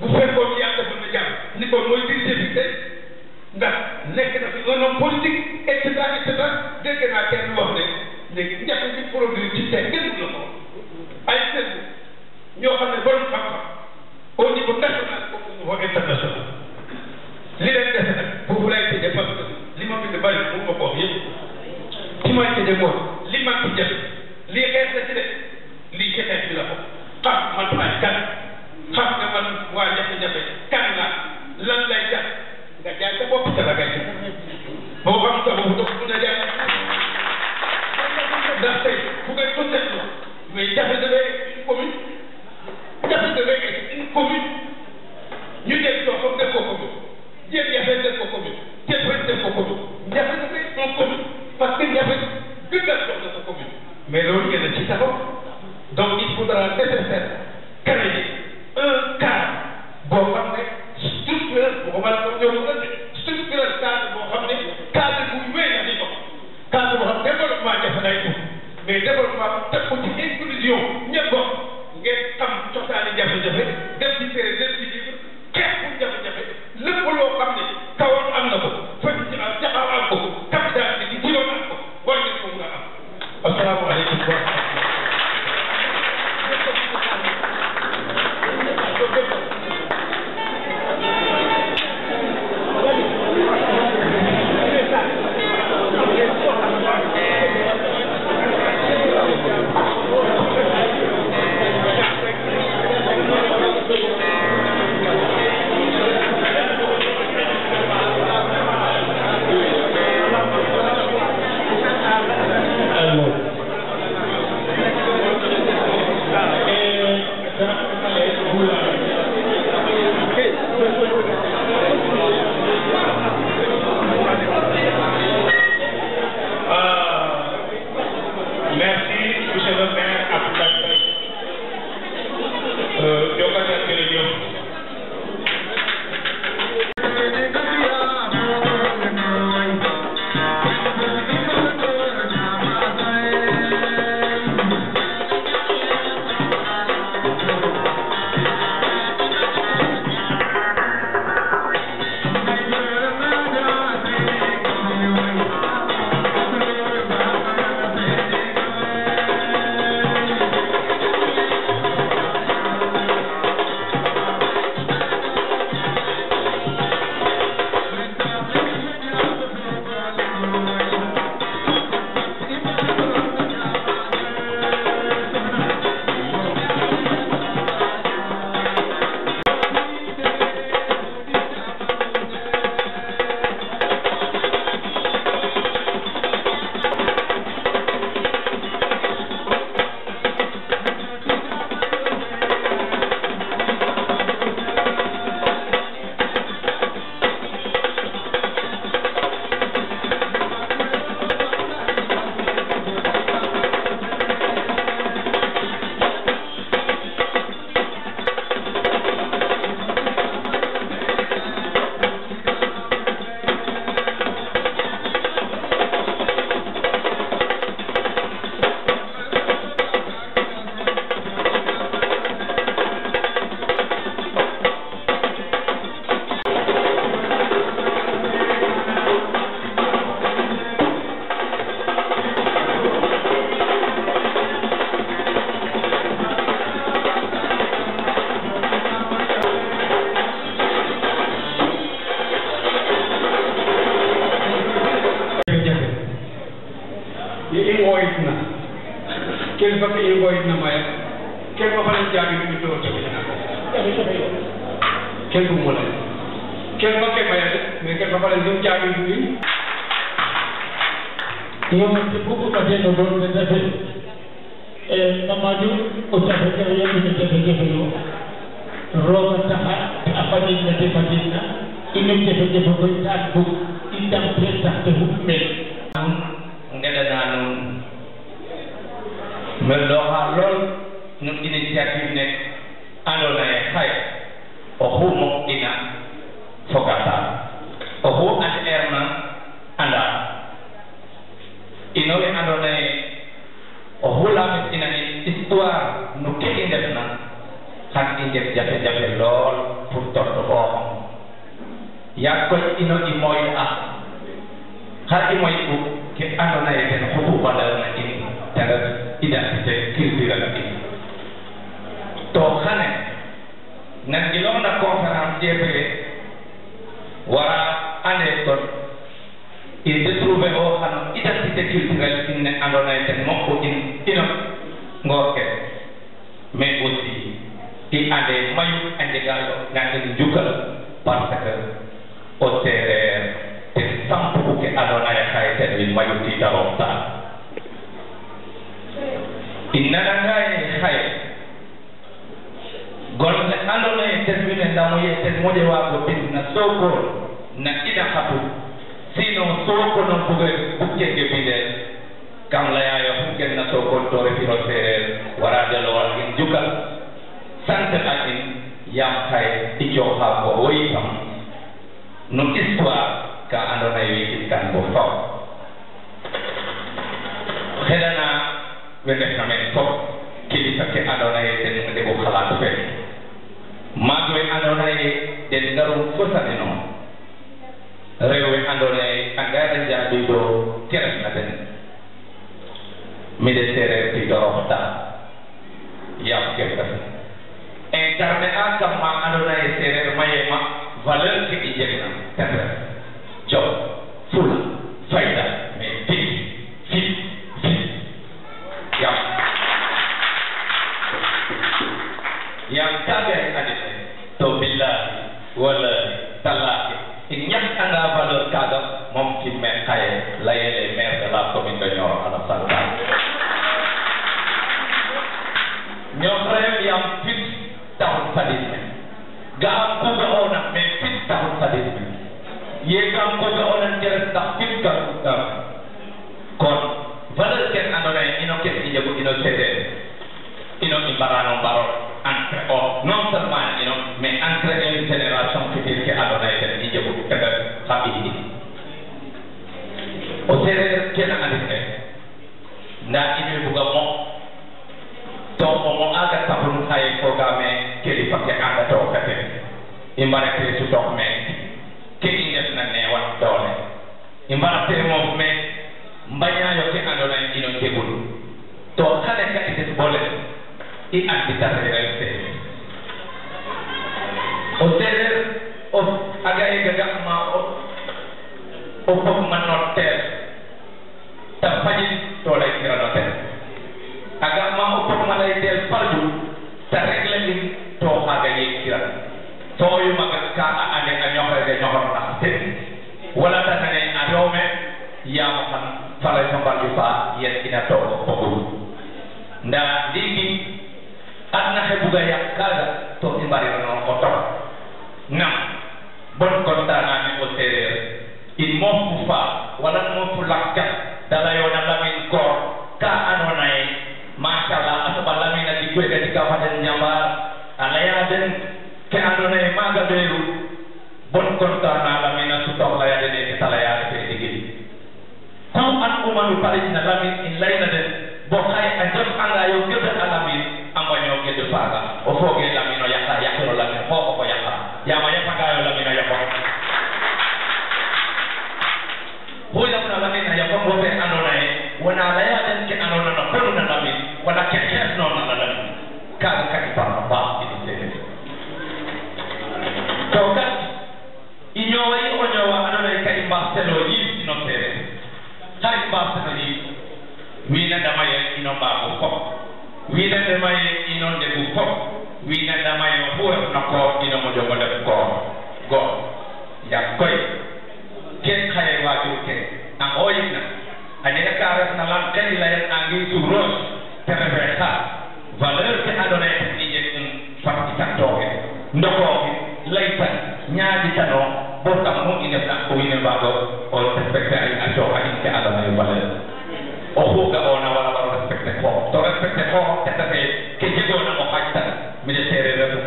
bu fekkoon yàlla jàpp ni ko mooy diriger bi tey ndax nekk na fi un homme politique et cetera et cetera dégg naa kenn wax ne léegi njëkk ci produit ci tey kenn la ko ay sëñ ñoo xam ne borom xam-xam au niveau national mo aga ah, sabun sai programe ke di pakai ada ah, to kate imbara ke su tok me ke ni def na ne wat dole imbara te mo me mbanya yo ke ando na ino ke bulu to kale ka ite bole i an kita rerete hotel of oh, aga e gaga ma o oh, o pokman to magali kira to yu magaka ane ka nyoka ga nyoka na tin wala ta ne na yome ya man fala yom ba yu fa yet kina to ko ku nda digi adna he buga ya kada to timbari no ko to na bon ko ta na ni ko tere in mo ku fa wala mo ku lakka dala yo na lamin ko ka anonai Masyaallah, asal balami nanti kue dari kawasan nyambar ala ya den ke andone maga deru bon konta na la mina su tok la ya den e ke tala ya ke digi tam an ko manu pare na la min in layna den bo khay a jom anga yo gede ala min am ba nyo gede faga o fo ge la mino ya ta ya ko la ko ko ko ya ta ya ma ya faga la mina ya ko ko la na la mina ya ko bo pe andone wana la ya den ke andone na ko na la min wala ke ke no na la min ka ka ka tawkat a yi onyowa anone ka imbastelo yi ino tere ka imbastelo yi wina damaye ino babu ko wina damaye ino ndebu ko wina damaye huwe na ko ino mojongo ndebu ko go ya koy ken khaye waju ke ang oyina anyaka karet na lang ken layan angi suros terevesa valeur ke adonai ni jen fakitak toge ndoko laytan ñaaɗitanoo bo kam mum ine sakko wine mbaɗo o respecté ay accoo haɗinke adama e balae o xuuga o na wara waro respecté koo to respecté koo tetake ke jegoona o xaƴtan mine seereer atu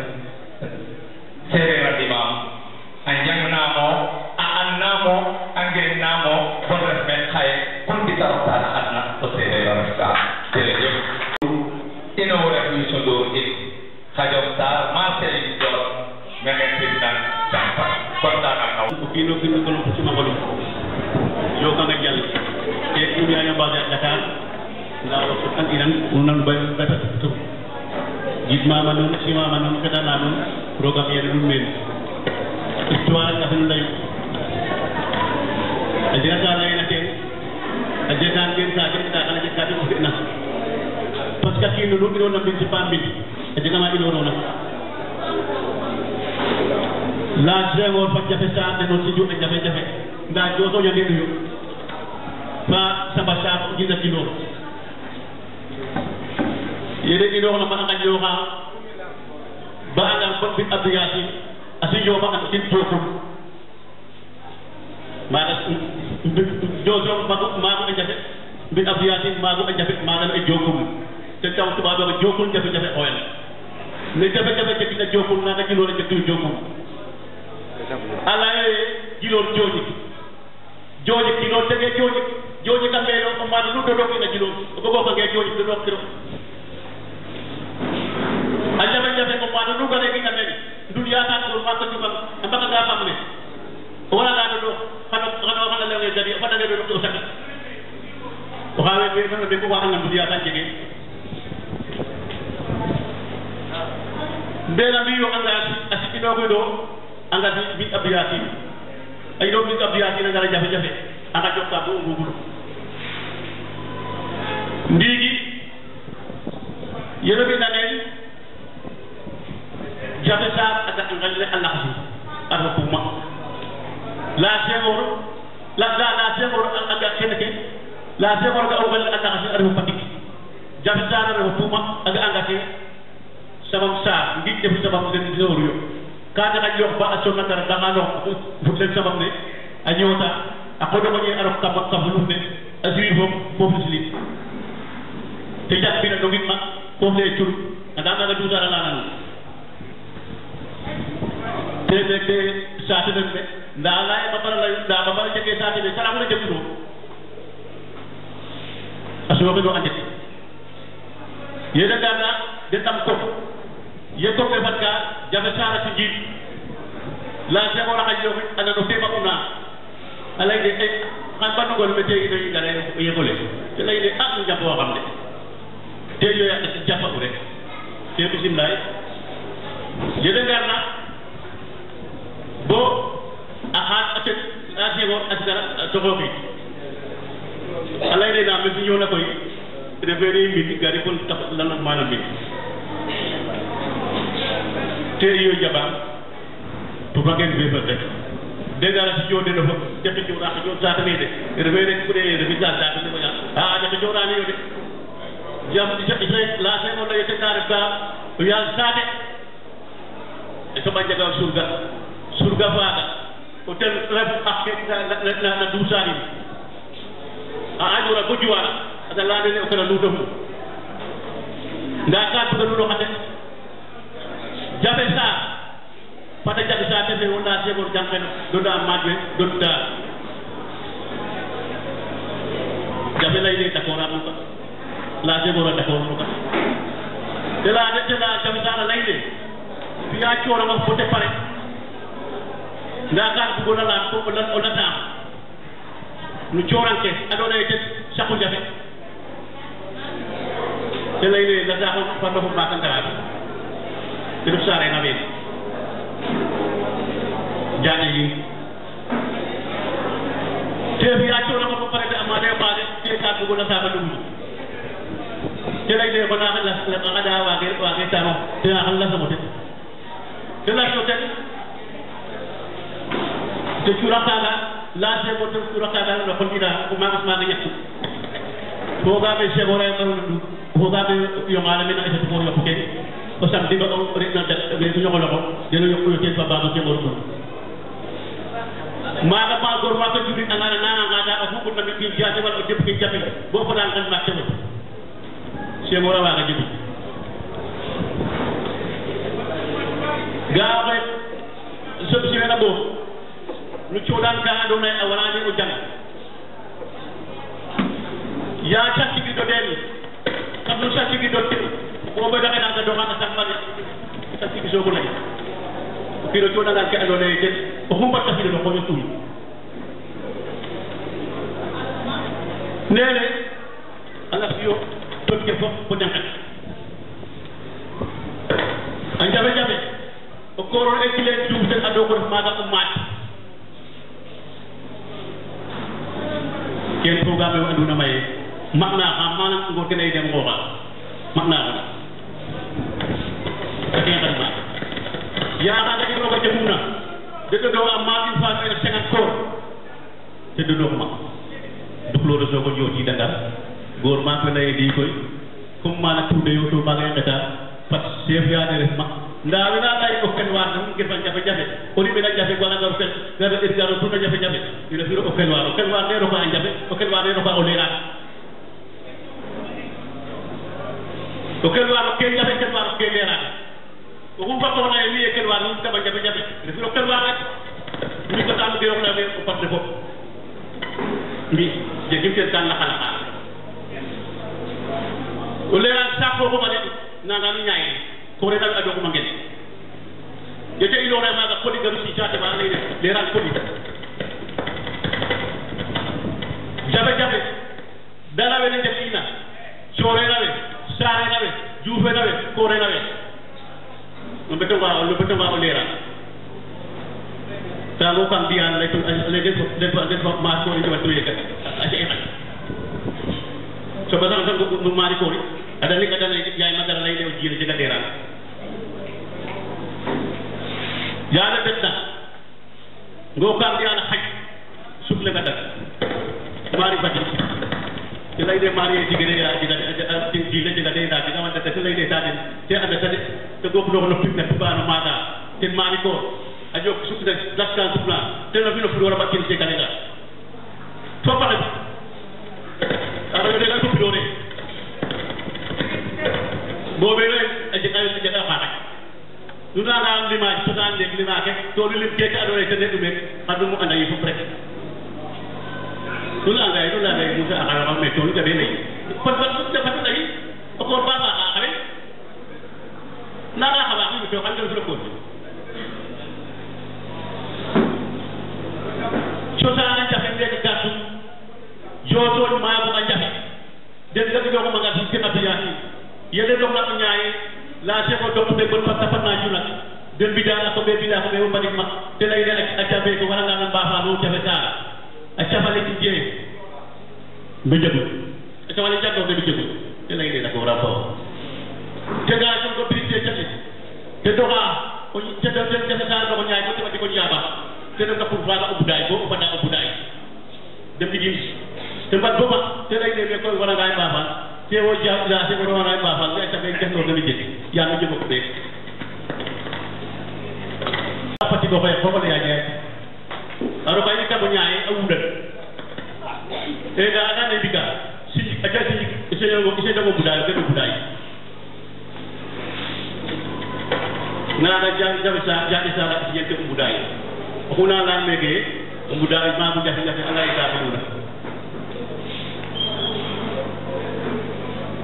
seereer adimam a njangnaamo a anndaamo a ngeennaamo bon ref men xaye kon mbita rotaa বিনো কিন্তু কোনো কিছু না বলি যোগানে গেল কে তুমি আয়া বাজার দেখা না সুতান ইরান উন্নন বাই বেটা তো জিতমা মানন সীমা মানন কেটা নাম প্রোগ্রাম এর মেন ইতুয়া কাহন দাই আজিয়া তারাই নাকে আজিয়া দান কে সাকে তা কানে কাটি মুখ না পাঁচ কাকি নুরুদিরো না বিচ পাম্বি এজনা মাকি নুরুনা laajte woon Fatou Ndiaye Sarr ne noon si ñu ak jafe-jafe ndaa jooto ña ne nuyu fa saba Sarr gisa ginoo na mana a ñooxa ba a ngaan bot bit abdiyati a si ñooma an kin jokum maaga jooto mago maago a jafe mbit abdiyati maago a jafe alaye jilol jooƴi jooƴi kinol tege jooƴi jooƴi kam ɓeeɗo o maɗo ɗum to dokina jilol gogokange jooƴi to dokkiro a jafe jafe ko maɗo ɗugaregina mene ndun yatakool maka jugal a mbakaga famle o waɗaga ɗo ɗo xano xano xana lewe jadi o faɗange ɗo ɗokki o sakit o xawe ɓe fana ɓe ko waxanga ndun yata jege mbena mbiyo anga a siɓinogoy ɗo anga bi Abdou Yacine ay doom bi Abdou Yacine ngara jafe-jafe anga jokka bo ngugulu ndigi yero bi nanen jafe sa ata ngalne Allah si arba kuma la sewor la la la sewor aga kenake la sewor ga awgal Allah si arba patik jafe sa arba kuma aga angate sabab sa ngi def sabab den yo kaata ka ñox ba a sonna tara danga nox futten sabab ne a ñoota a koɗogoñe a rok kam ak kam lum ne a siwir fof foof silip te jag mbina ɗogin ma foof le cur anda kaga dusara lananu te te saate nen ne nda laye babara lay nda babara jege saate ne sara xuna jegino a suwaxino a ndet yena ngana de tam kof yettorde fat ga jaɓe sarati ndiin laasegora xaƴ yoxi a nano teɓakuna a leyde e eh, xa mbanugol me tegino yigara yegole te leyde a ah, njaɓo xam de te yo yaq jafatu rek te ɓisimlaay yede ngarna bo a xaar a teg laasego a gara toxoxid a leyde na me fiñona koy refe ne mbin gari kon tax lanok mana mbin teeyo jaɓa tubaken fe ferdek degara jooɗeno fo jake jooɗa ko jooɗ satane de refe rek kuɗe refi sa satane moƴa a jake jooɗani yo de jam la segoɗa yeteka refka yaal saate e soɓa jaga surga surga faaga o ten ref ax ke na duusanin a aƴora bo juwara aɗa leyane o kena luuta fu nda ka tuga nuno xa ten jaɓe sa fata jaɓe sa tefe wonɗa segon janken doɗa majɓe dotta jaɓe layde d' accord aɗum ka la segora d' accord ɗum ka te la dettena jaɓe sa aɗa layde fiya coorama fote pare nda kan bugonalam ko o natam no coranke aɗona e tet saku jaɓe te layde nata on parno fo mbakangaraɓe Yunus Saare Nabil Diané yi teef yi àccoon na ko ba pare de am naa day baale tey kaa dugg na saa ba dugg te lay dee ba naa xam la ma nga daa waagee waagee taro te naa xam la sama tëdd te naa soo tëdd te cuura kaala laa seebo te cuura kaala la ko dinaa ko maa maa nga ñett foogaa be seebo rey nga rundu foogaa be yongaa la mi na esatu ko yokku o samedi o retna retu ñoxoloxo deno yoqu ten fa baba ke ngorgor maga ma gor wa ko jubli a ngana nana ngada o fuku tamit ke jate wala o jebke jafe bo fodan kan ma tewe semora waga jebi ga xe sob si wena ɓoof nu coɗan ka ando naye a warani o jang ya sacigido den kam nu sacigido ten boobu da ngay naan da doxata sax ma tafsir sogol nayi o kiino cooɗangaan ke andoona yee ten oxu mbar tafsir no xooƴo tuuñ ndeene a las yo tod ke fop fo ne nqet a jafe jafe o koor ole kile tuum ten a doogo ref maaga o maad ken foogaam we andoona mayee maɗna xa maana ngoor ke layi den nqooxaa maɗna xan xeexal ma yaakaar nga ni doo ko jëmu na dëgg-dëgg am maa ngi faa nekk cinquante koor te du ma dugg loolu soo ko ñëw ci Dakar góor maa ngi koy layee di koy comme maa la tuude yow too maa ngi xeta parce que chef yaa ne def ma ndaa wi naa layi o ken waano ngir fan jafe-jafe o rimɓe na jafe wala ngar fen gaɗa ɗetgaro pour na jafe-jafe ina firo o ken waano o ken waa nde roka a jafe o ken waa nde roka o leyaat o ken waano ke jafe ken waano ke leyaat Okumpa soxna yi liy yëkkal waa ñu ngi sama jafe-jafe daf ñu ëppal waa rek ñu ngi ko tànn di wax naa leen au part de bopp mbi jéggi seen tànn xala xala o leera sako ko mane nananu ñaayi kore tan ajo kuma ngene yete ilore maga koli garu si jate ba lay leera koli jabe jabe dala wene jafina sore nawe sare nawe juufe nawe kore nawe Lobetova Lobetova Olera. Selalu kan dia lepas lepas lepas lepas masuk itu waktu itu. Aje emak. Sebab saya untuk memari kori. Ada ni kata lagi yang macam lain dia ujian jaga dera. Jangan tetap. Gokar dia nak hak. Suple kata. Mari pergi. leyɗe maari e jigene ira jille jegade ira jeg awandata te leyɗe taten te andata de te gopnoxo no pipne pubano maga ten maari ko a jog supna daskan supna teno fino fudora ɓa kin sekanega fopaxe aɗaega gopidore moɓewe a jeg a jeg a xaxak nu nanga limaj sotan jeg lima ke to nu lim keke ando naye tene ɗumen xan nu mu anda yi fop rek lulaagayi lulaagayi Musa a xayo xam mais toolu jafe nayi fat fat ɗayi o koor ba faaxa xawe naaga xawa xiɓe to xan ten repose cosaan a jafe ndeke gasum yootoon maa buga jafe den ga ɗigoxumaga fi ke a fiya yede ɗoxa o ñaaye la chef o dopu de bon fat tapat na junak den mbida a koɓe mbida koɓe o mbaɗik ma te leyne a cafe ko waranga no mbaafa no jafe kaaga a cafale ci jéem du jëgul a cafale jàggoo nga du jëgul te lay dee dakoo rapport te gaa ñoom ko brisé cati te doxaa ko jëgal seen jafe saa doxo ñaay ko tamati ko ñaaba te dem nga pour faa nga ubbu daay boo ubba naa ubbu daay dem di gis te mbat ba ma te lay dee koy war a ngaay baafal te woo jaa jaa te war a ngaay baafal ngay tamit jaxloo nga du jëg yaa nga jëma ko beeg. Fati ko fay foofu la yaa ñeent menyai udah. Tidak ada yang tiga. Sini aja sini. Isteri yang isteri yang budai, isteri yang budai. Nah, ada jadi jadi salah jadi salah sini yang budai. Kuna lan mege, budai mana jadi jadi alai tak kuna.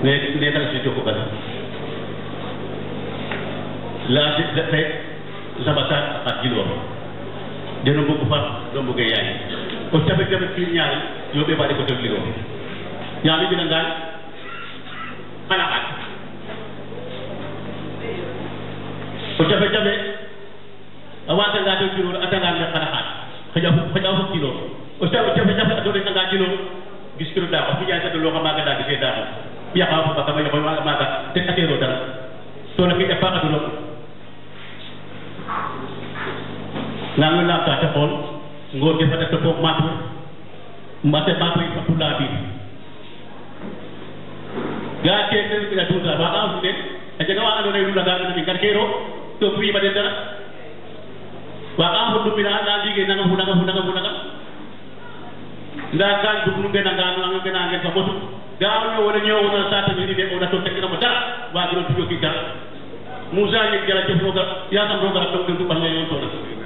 Nih nih terus itu kuka. Lah, saya sahabat saya tak jilur. Dia nunggu kuat zombo ge yaani ko tabe tabe ki ñaal yo be bari ko tabli go ñaali bi ngal ala at ko tabe tabe awata nga to kilo atanga le kala hat xaja fu xaja fu kilo ko tabe tabe tabe do de nga kilo gis kilo da ko fi jaay sa do lo xama ga da di da ya xaw ko tabe yo ko ma ga te takero dara to na fi da fa do lo nangul na ta ta xool ngor ya, kan, ke pada ketok mat mate mapi sapula bi ga ke ke ke tu da ba au ke e je ga anu nei lu da ni kan kero to pri ba de da wa ka hu du bina da di ke na hu na hu na hu na da ka du nu ke na ga anu nga ke na ke sa bo tu ga anu yo wona nyo wona sa te ni de wona to te ke na ba wa ki lo ki ta Muzanya kira-kira, ya tak berapa-apa, tentu banyak yang berapa-apa.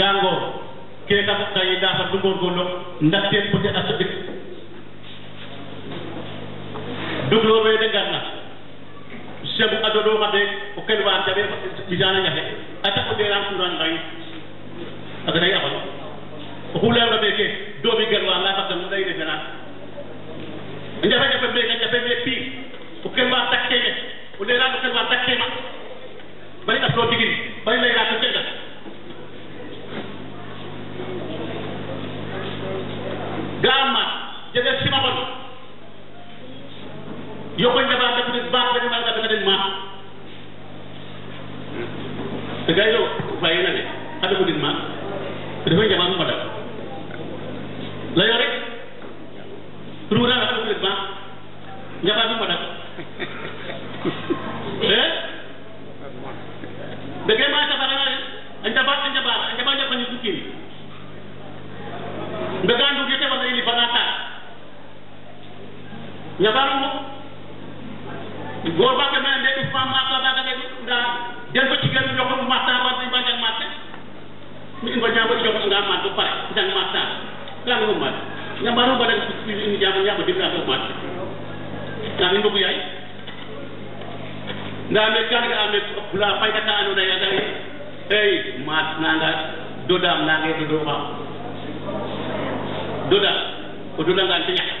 yaa ngoo kee ka ka yi daa fa du góorgóorlu ndax teen bu te asu dik dugloo wee de garna sebu adodoo xa de o ken waan jabe misana ñaxe ata o deeraan kuran ndayi aga day axon oxu leyoona meeke doomi gelwaan laa fatan day defenaan jafe-jafe meeka jafe me piir o ken waa takkee o leeraan o ken waa takkee ma bari asoo digin bari leyraan o tega gaama jege simaxol yokoy ndefa def des baax len maga daga den maak te gay yo faye nane a dago den maak te defa njama fada leyo rek runa a dago den maak njama mi fada e dege ma tafarana a njaba a njaba a njaba njaba ni sukiri ndaga nduge diperlakukan. Ya baru Gorba kemana dia tu pam mata tak ada dia dia tu tiga tu jokong mata apa tu banyak mata. Mungkin banyak apa jokong enggak mata pak dan mata. Kan rumah. Yang baru pada ini zaman yang berbeda tu mata. Lah, kami tu buaya. Nah, mereka ni kami berapa kata anu daya dari. Eh, hey, mat nangga dodam nangga itu doang. doda o doda ngaan te ñàkk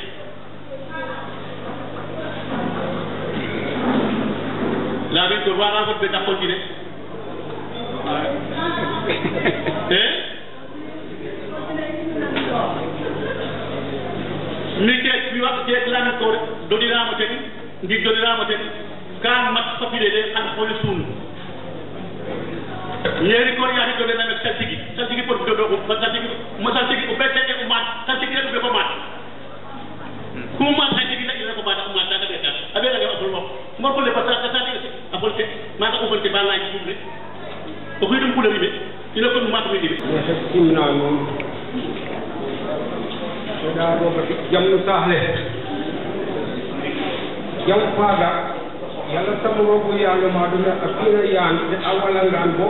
la vie pour voir encore peut continuer eh? mi kees mi wax jeeg lana ko dodirama ten ndi dodirama ten kan mat sopide de an holi suunu ñeeri koor yaati dodename saltigi saltigi jaw faaga yalla taguroogu yaalo ma ɗum a piira yaan de a walangaan bo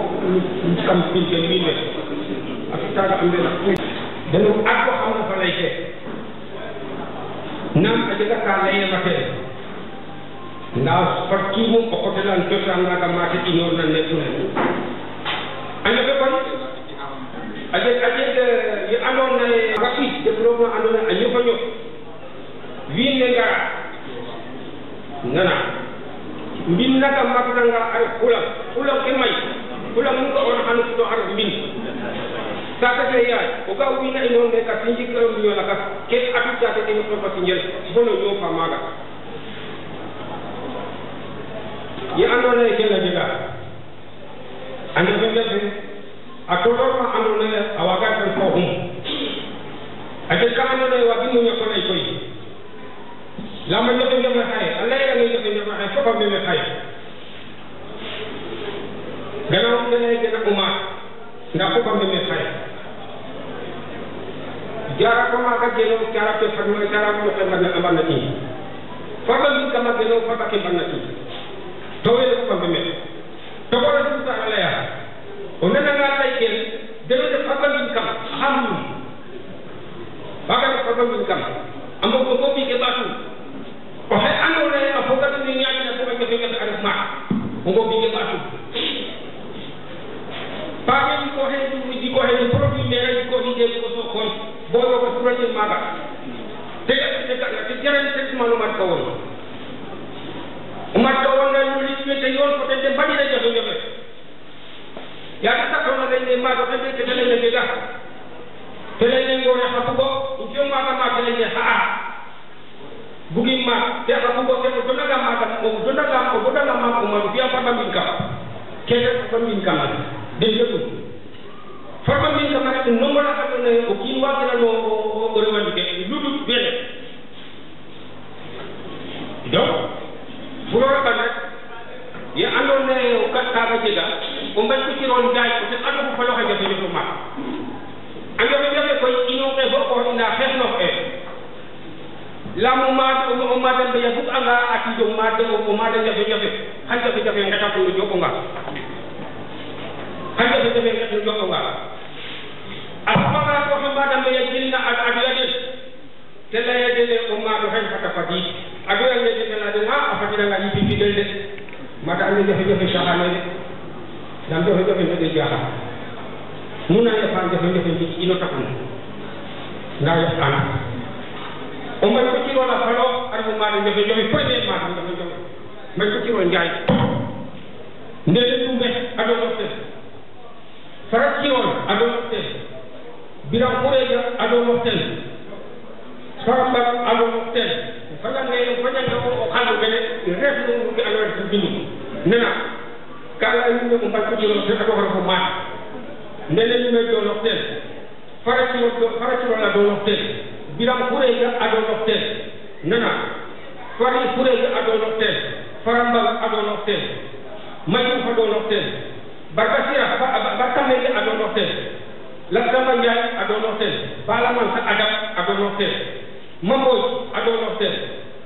kam pinke wiine a fitaaga am ndena denu adko xawna fa lay ke nam a jega ka layema te ndaa fat kiimum o coté lan cosaan naaga na nekku euh, ne a ñofe koy a jeg a jeg ye andoona ye aga ɓiis développement andoona ye a ñofa ñof wiin we ngara nana min naka magna nga ay kula kula ke may kula mun ko on han ko ar min ta ta ke ya o ka wi na ino me ka tinji ko mi wala ka ke atu ta ta ke ko pati ngel bono yo pa maga ye ando na ke la diga ando ke ngel akolo ma ando na awaga ko ko hum ade ka ando na wa bi mu ne ko ne ko yi lama joxe joxe xaye a leyra nga joxe joxe xaye fopa meme xaye ganaw nene gena umaat nda fopa meme xaye jara ko maka jeno cara pe fatma cara ko pe banna abanna ti fata min kama jeno fata ke banna ti to wele fopa meme to ko rasul ta ala ya onena nga lay ken delo de fata min kam ham baga fata min kam amako ko bi ke batu ko hay anndore no fogatani ñaamina koɓe gefe gefe aref ma ogo mbige ma tum paaɓeji ko hen ɗumiji ko hen produit mberaji ko hiɗeji ko so kon boyo ko turatin maga te yaɓete kaga te jarani traitement umat ka won umat ka wonga yuliɓete yon ko tente mbaɗira jafe jafe yaata sakkaonagañe maga ɓe ɓe tetelene mbega telene ngore hatugo um fewmagama telene ha a buginma te hakkugo seɗo donnaga maga o donnaga o donnaga ma o maɗo mbiya farɓa min kam kene farɓa min kam dende ɗum farɓa min kam ana ɗum nombola aɗone o kin waginano o rewandude luɗu bele donc furora ɓana ye andone o kaga jega o mbaɗkitiron jaaj o ten ando ko faloxa jafe joto ma andoɓe jafe koy ino xe fo ko ina xeesnof e lamu ma o maɗen ɓe yabuk anga atiɗo maɗe o maɗa jafe jafe han jafe jafe gata ko no joɓonga han jafe jafe gata no joɓonga a faga koxe maɗa ɓe yajilna aɗoyaɗen te leyadele o maɗo hen fata fadi aɗoyangeje teladen a ah, a fatiranga yipipidel de maɗa ande jafe jafe sahanede nam jafe jafe neɗe jaha muna yefa jafe jafe jiɗ ino takun nda yefana omay ko ciro la falo arbu maɗo jofe jofe premièrement tan jofe jofe mbay ko ciro jaay ndele ɗume aɗo wotte farat ciron aɗo wotte biran kureja aɗo wotten sorambal aɗo wotten fajangeyo fajanga o o kaldu ɓene refnuɗuɓe aɗa waɗi bini nana kala yimɓe mo mbay ko ciro te aɗo hoto ko maata ndele ɗume dow noften fara ciro fara cirola dow noften biram kureeje adonof ten nana fari kureeje adonof ten farambal adonof ten mayum adonof ten barkasira barkamelle adonof ten lassamba ndiay adonof ten balamansa adab adonof ten mambooj adonof ten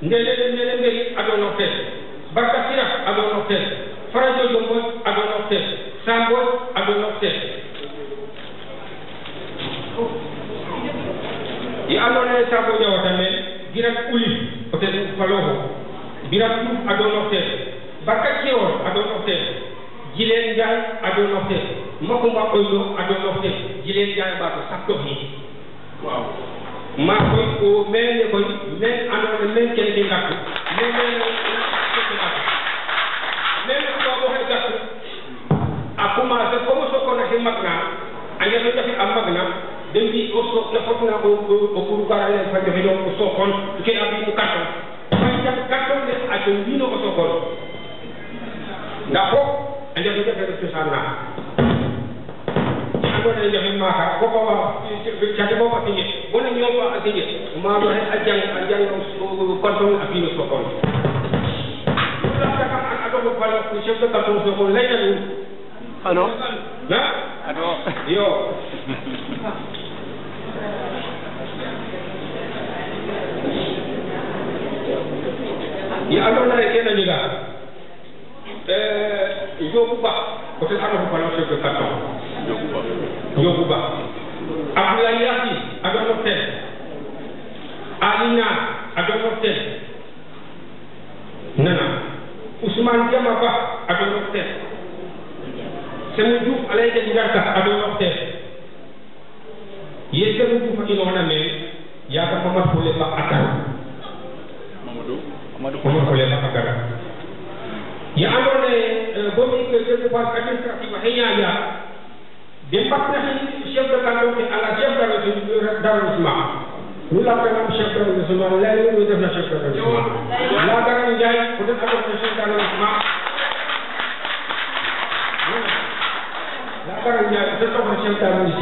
ndene ndene mberi adonof ten barkasira adonof ten farajojo mbooj adonof ten sambooj adonof ten andoona yee saam o ƴawata meen girat ulit o ten falooxo birat Diouf a doonox teen Bakka Kewool a doonox teen Jileen Njaay a doonox teen Makumba Oylo a doonox teen Jileen Njaay ɓaato saxtoxiid waaw maa koy ko mene koy men andoona men kene ke ngartu mais mene mene tubaab oxe gartu a commencé comme sokona xe magna a ngeto jafe a magna denndi o soɗɗo fotna o o pourgara en fande heɗo o sokon keɗa mbi ko carton fayjam carton nde aɗo wino o sokon nga fof a jaɓi ƴefede cosanna angoɗe jahen maka kokowa cate fof a fiñe wona ñoowa a fiñe mamo hen a jang a jang canton a fino sokon kam an aɗoko balla chef de canton ano yo 이 알로나의 깨는이가 요구바 어떻게 하는 거 발로 쉬고 갔다 요구바 요구바 아무나 이야기 아가모테 아리나 아가모테 나나 우스만 자마바 아가모테 세무주 알레데 니가타 아가모테 yéggal ko fa ñoo na né ya ka fa ma ko le ba akkar mamadou mamadou ko ko le ba akkar ya amo né bo mi ko jé ko fa ya ya dem ba tax ni chef de cadre ni ala chef de cadre ni dara usma ñu la ko ñam chef de cadre ni sama la ñu ñu def na chef de cadre la dara ñu jaay ko def ko chef de cadre ni la dara ñu jaay ko def ko chef de cadre ni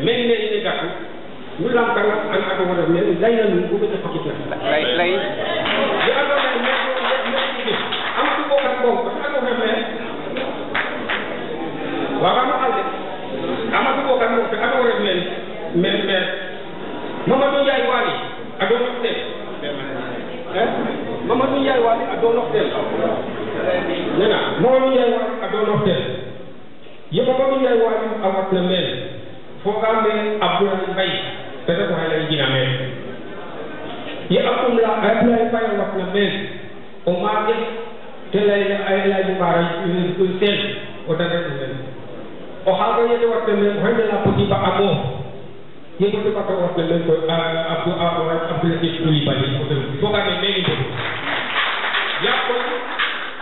mais léegi nag gàttu ñu daan tàngat ak ak war a mel lay nañu bu ko defee ci lay lay. li àndoon nañ nekk nekk am ci kooku ak boobu parce que àndoon nañ leen waaw am na àll amatu kooku ak moom te àndoon nañ leen mais mais Mamadou Ndiaye Wali ak doon wax teel. Mamadou Ndiaye Wali ak doon wax teel. nee naa Mamadou Ndiaye Wali ak doon wax teel yëpp Mamadou Ndiaye Wali awat na mel foo ko amee Abdoulaye Mbaye Katakuwa jina mema. Yakumla Abdullah pale wakna mema. Umake tele ayela jumara kusel otaka kumema. Ohaga yete wakna mema hande la potiba amo. Yete kwa kwa wakna mema Abdu Abdu Abdullah kuli bali kutem. Toka mema. Yakoi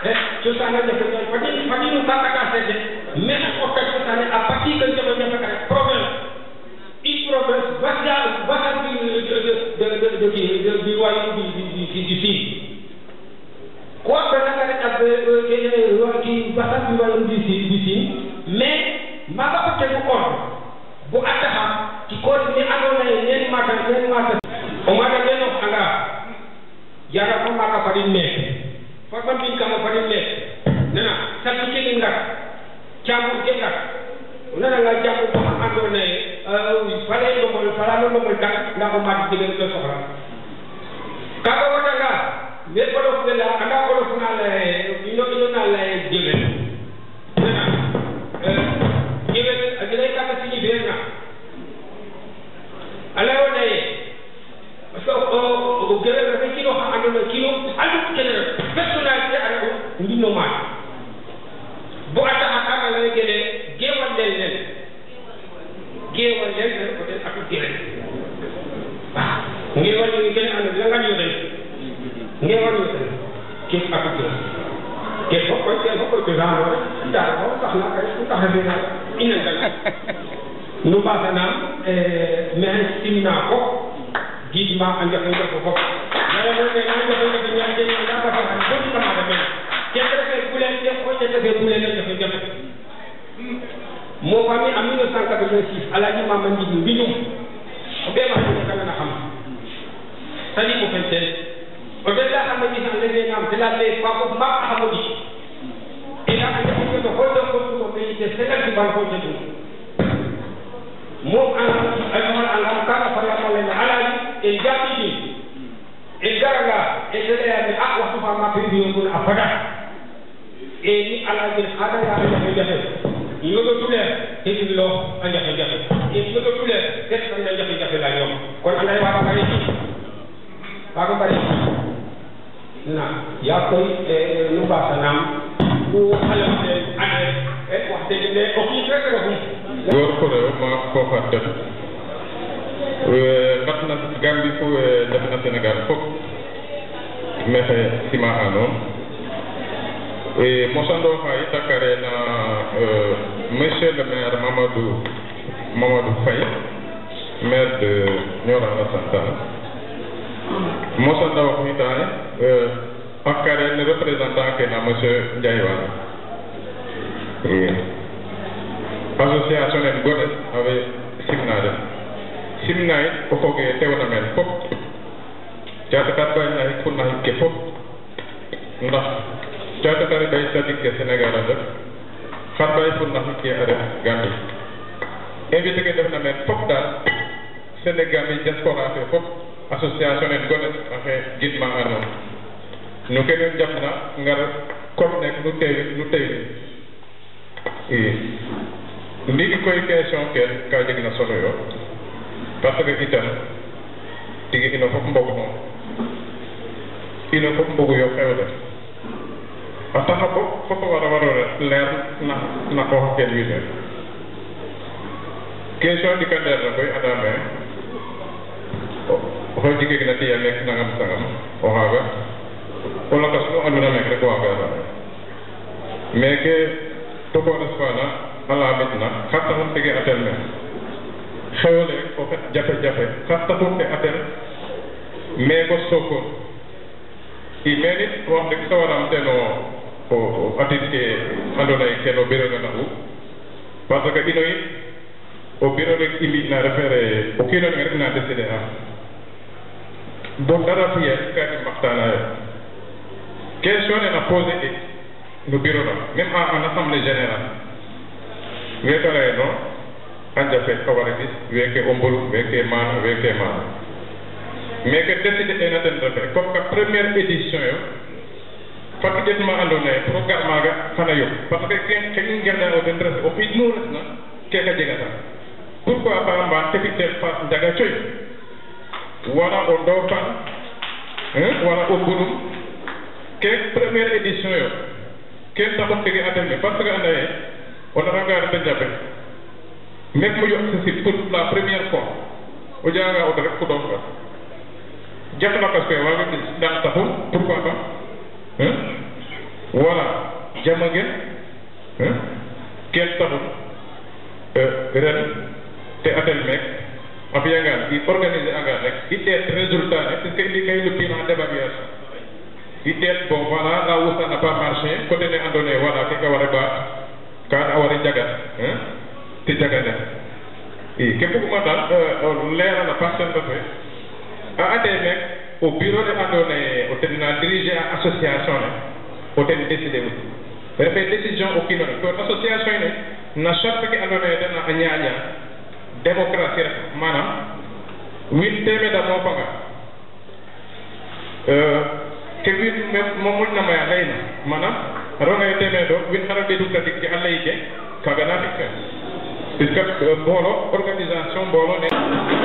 eh susana nyekunyo. Fadini fadini kaka kasete. Mena kwa susana apati kenyo mema kaka problem. formes variables variables de de de de de du royaume du du du Sine. Quoi que naka rek ak kii basal du royaume du Sine du Sine mais maa nga ko tegu ordre bu attaxam ci kóol bi àndoon nañu ñeenti maata ñeenti maata. o maata ñeeno ko anga yara fo maaka farin meek farban bin kama farin meek nana salmi kege ngar caamur ke ngar o nananga fale ɗomol falano ɗomol dak nda ko maati jegen to sohla kaga ne olof ne la anda olof na la ino ino na la jewen nana jewen ajenay kaga signifie na ala wona ye parce que o gewen refe kino xa andona kino andu kene personnalité ana ndino maat bo a taxa kaga lay gene gewandel nen géewal leen dana ko def ak géwél waaw géewal ñu gën a ànd la nga ñu rëy géewal ñu rëy kii ak géwél te foo koy te foo koy pesant lool daal boo tax na kay su taxawee naa ina nga nu mbaasa naa eh, mais sim naa ko gis maa ànd ak ñoom ko bopp mais loolu kay naa joxe ñoom ñaar jëlee daa ko xam ba sama demee te defee bu leen def ko te defee bu leen def jafe-jafe moo famille en 1986 alaaji maama nji ñu ngi ñu bee ma xam ka nga xam tali mu fen teen o de la xam ni sax lege ngam de la le fa ko ma xamu di ina ka ko to ko to ko ko be de sela di ban ko jetu mo an ay mo an am ka fa la ko le alaaji e jati di e garaga e de ya ni ak waxtu fa ma pe di ngul afada e ni alaaji hada ya ko jafe yëngatuleen te it loo a jafe-jafe te yëngatuleen des am na jafe-jafe la ñoom kon am na waa bari ci na ku xalam ne ane et wax dëgg ne ok rek la góor ko la ma foofa def eh, ndax na Gambie fo eh, def na Sénégal fop mexe sima e mosandoma itakarena euh, euh, monsieur le maire mamadou mamadou faye maire de ñorana santal mosanda wax mitane euh, akkaren représentant kena monsieur ndiaywan i association en goɗe awe simnade simna yit o foge tewna men fop kat mbayna hik furna hikke fop ndax Caakataari ɓay saddigue sénégal a ndef xar ɓay pour naxu ke a ref Gambie invité ke ndefna meen fop daal sénégal i diaspora fe fop association ne gone axe gidma a nuun no kene njafna ngar comme nek nu teew nu teewin i ndiiki koy question ke ka jegna solo yo parce que itam tigi ino fop mbog ino fop mbogu yo xewle ba taxaw foofu war a war a leer na na koo kenn wi leer question di ka leer la koy adame oxo jike gina tiya meek nangam sangam o xaaga o lakas nu andona meek rek o waaga adame a laamit na xar taxum tege atel me xewole o xet jafe-jafe xar taxum te atel ko atinke andoona ye kene o ɓiranga naxu parce que ino yit o biro rek i mbi'na refeere o kiin oxe ref na décider a bo dara fi'e ka i mbaxtaanaayo question ne na poser ik e no bureau na même en assemblée générale weeke lay no a njafe a wara gis weeke o mbolu weeke maana ten refe comme que première édition yo parce que ƴetma andoona yee pour ga' maaga xan a yoɓ parce :fra que :fra ke i nqeɗayo ten refu o xiid nu retna keke jegatan pourquoi :fra Coy wala o Ndofaan wala o Mbour ke premiere :fra édition :fra yo ten tege atan ke parce :fra que :fra anda yee o naranga ret a jafeñ meme :fra o pour la :fra premiere :fra fois :fra o jeganga auto :fra rek kuɗooxkan jaf lakas fe waaga ɗeg taxu pourquoi :fra voilà jama ngeen kenn taxul euh, ren te atel meek a fiyangaan i organiser angaan rek i teet résultat ne parce que indi kay luppina d'évaluation i teet bon voilà nda wusana pas marché côté ne andoona yee voilà ke ka war a ɓaat kaan a war a jagan te jagane i ke buguma daal euh, leerala parcelle refe à ADMEC, au bureau de Mandone, au tribunal dirigé à l'association, hein, au tribunal décidé. Refait décision au kilo. L'association, hein, euh, na charte qui andone dana anyanya, démocratie, manam, win teme da mo panga. Kebi momul na maya leina, manam, ronga teme do, win harabe du katik ki alaike, kagana dikka. Puisque, euh, bolo, organisation, bolo, ne...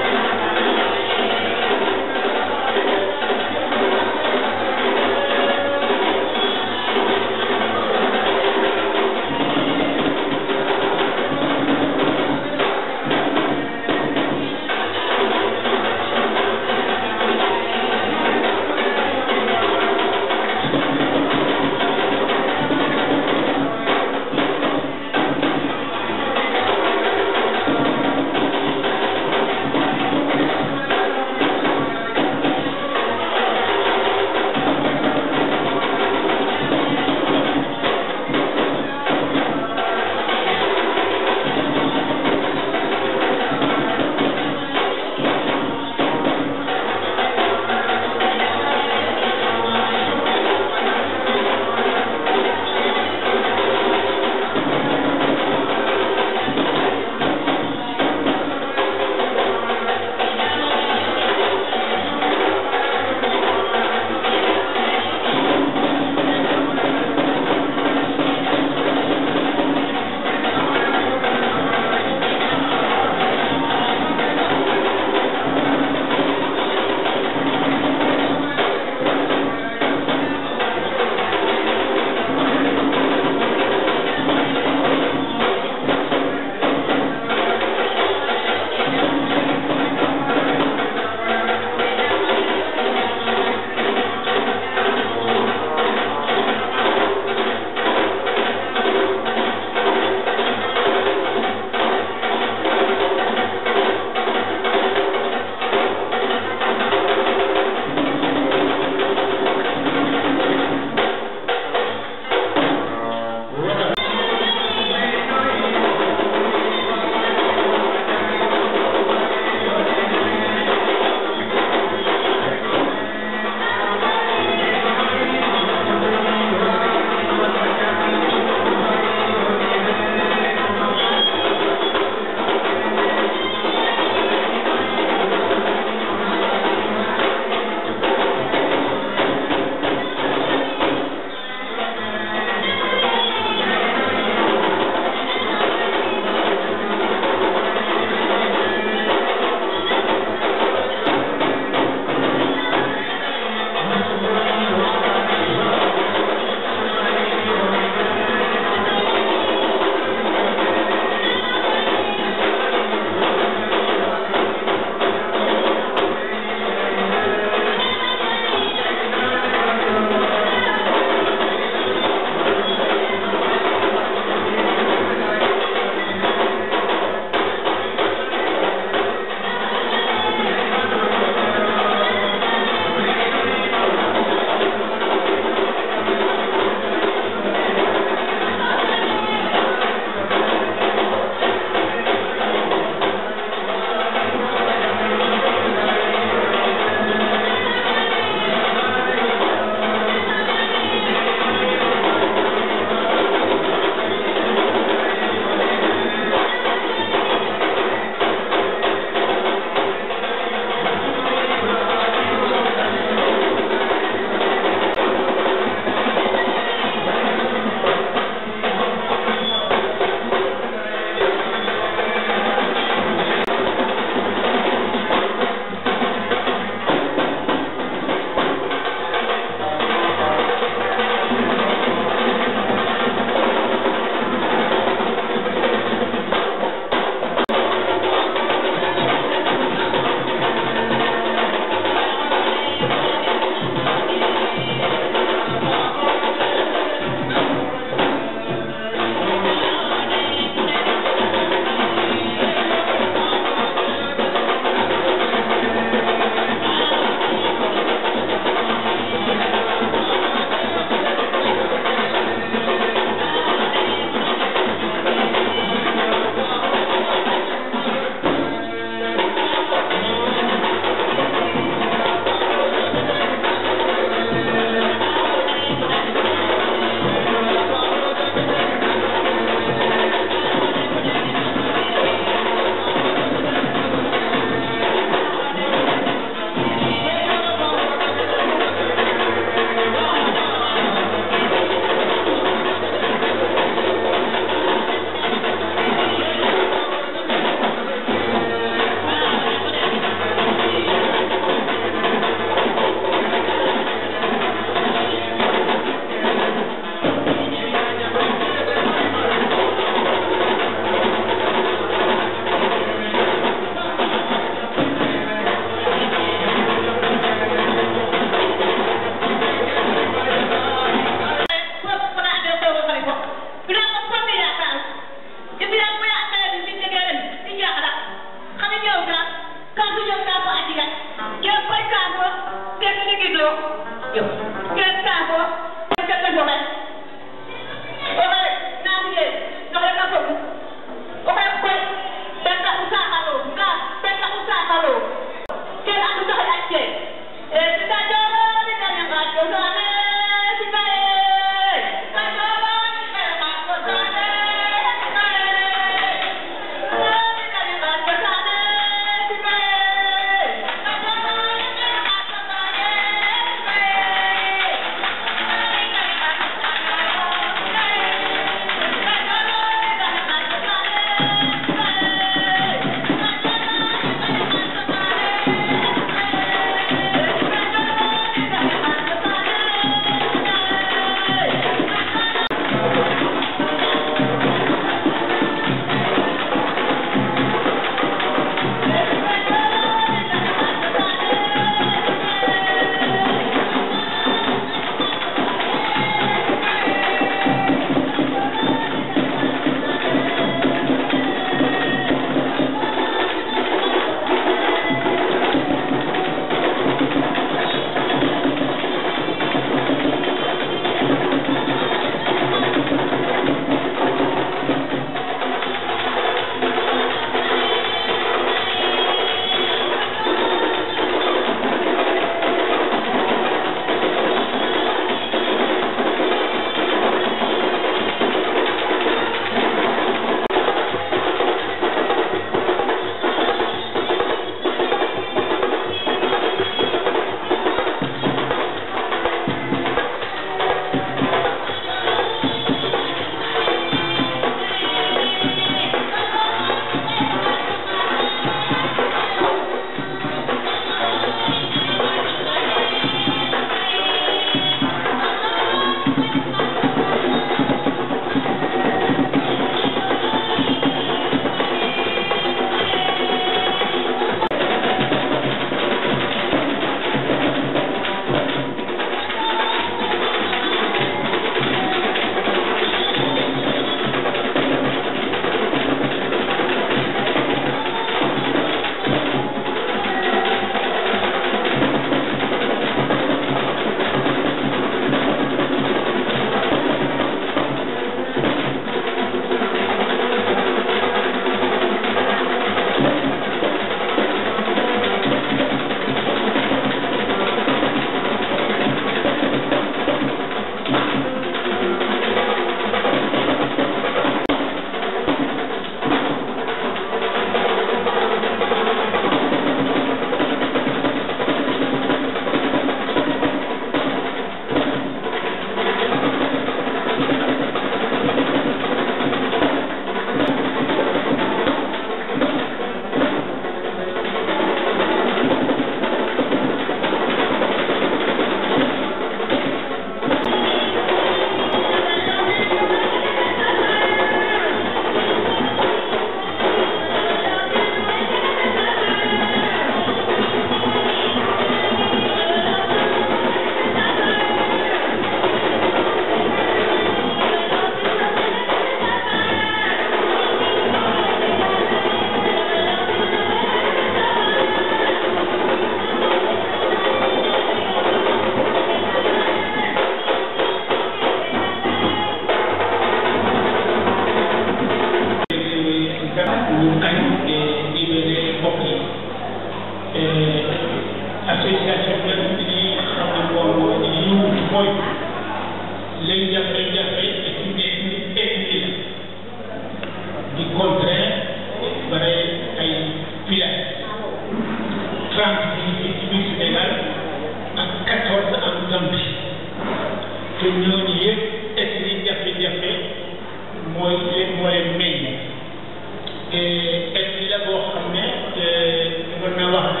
Et apil apou apa apet,ковn navat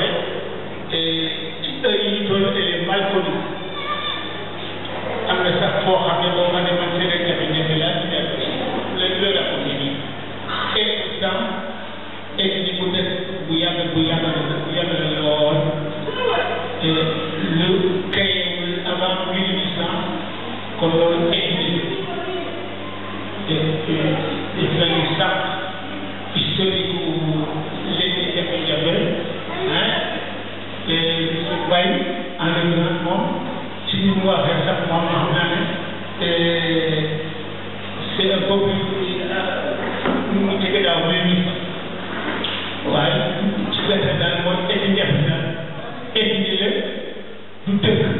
Kiphte in tonnen Andre Kovale manchmal sapte pou ap per br coupe vade patse l ak Se di kou jenye tepe diya bel, se kwa yi anrenmanman, si nou wapen sa pwamanman, se anpon kou jenye la, moun teke la ou meni. Waj, ti se zan moun, tejenye vina, tejenye jenye, moun teke.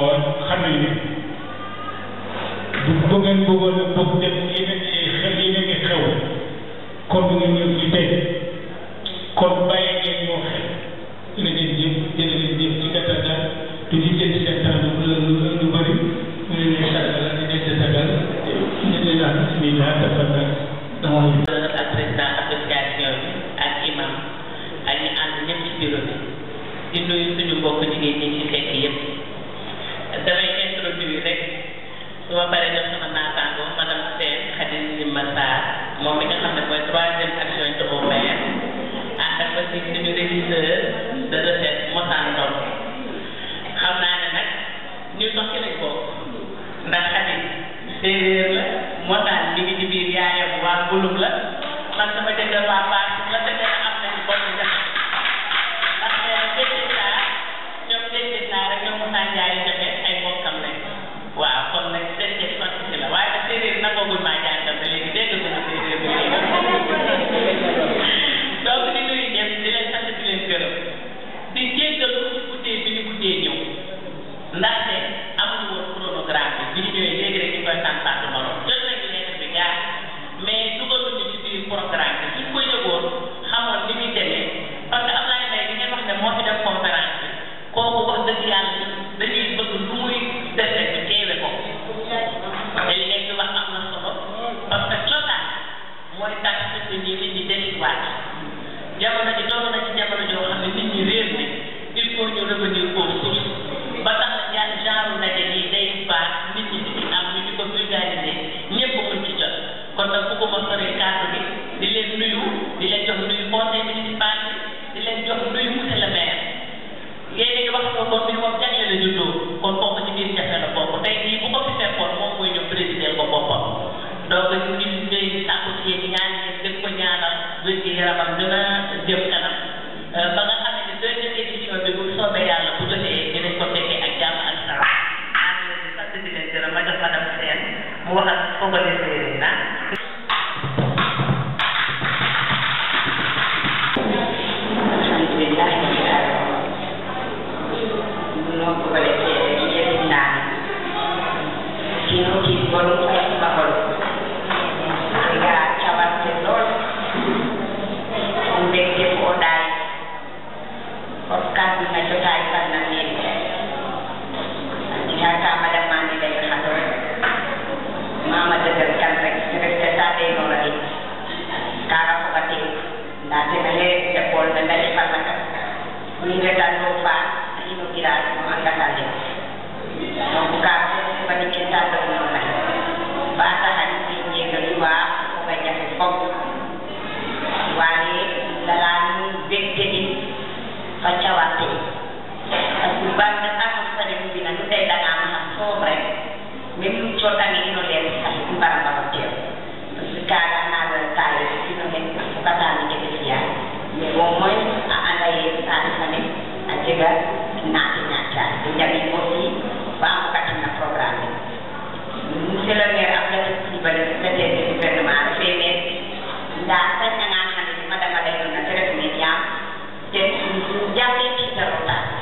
xam ne bu ngeen bëggoon a bëgg dem ci yeneen kon nag bu ko ma soree kàddu bi di leen nuyu di leen jox nuyu conseil municipal bi di leen jox nuyu monsieur le maire léeg-léeg wax ko kon bi moom jagle la juddoo kon kooku ci biir jafe la bokk tey jii bu ko fi fekkoon moom mooy ñëw président ko boppam donc ñu ngi ngay sàkku ci yéen ñaan ngeen gën ko ñaanal wér gi yaramam dina jëm kanam euh, ba nga xam ne deuxième édition bi bu soobee yàlla bu jotee dinañ ko fekkee ak jàmm ak salaam maa ngi leen di sant di leen gërëm ma jox madame Sène mu wax ak foog a Ini adalah lupa, ini tidak mengangkat lagi. jeggeɗi ha cawatte ɗi par ce que mbanɗa atosare ɗumina ɗum ɗeyɗanama ha somre même ɗum coɗɗani ino lerde sahi ɗum mbara mbawa tew par ce que kalanaɗo taye sino hen fokatami keɓe fiyani mais au moins a anda ye sane fane a jega naate ñaccade ɓe jamin aussi bamo katanna programme monsieur le maire a fete privale secrétaire de gouvernement a refe men nda interrogante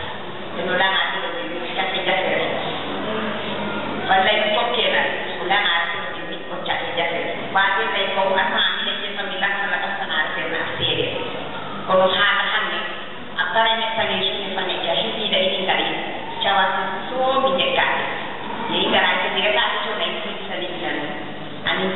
e non la madre non deve scatenare Ormai non poteva sulla madre non deve a e che fa mi lascia la nostra una serie a fare ne fa ne su ne in cari ciao mi ne i di ragazzi sono in cui salissano a non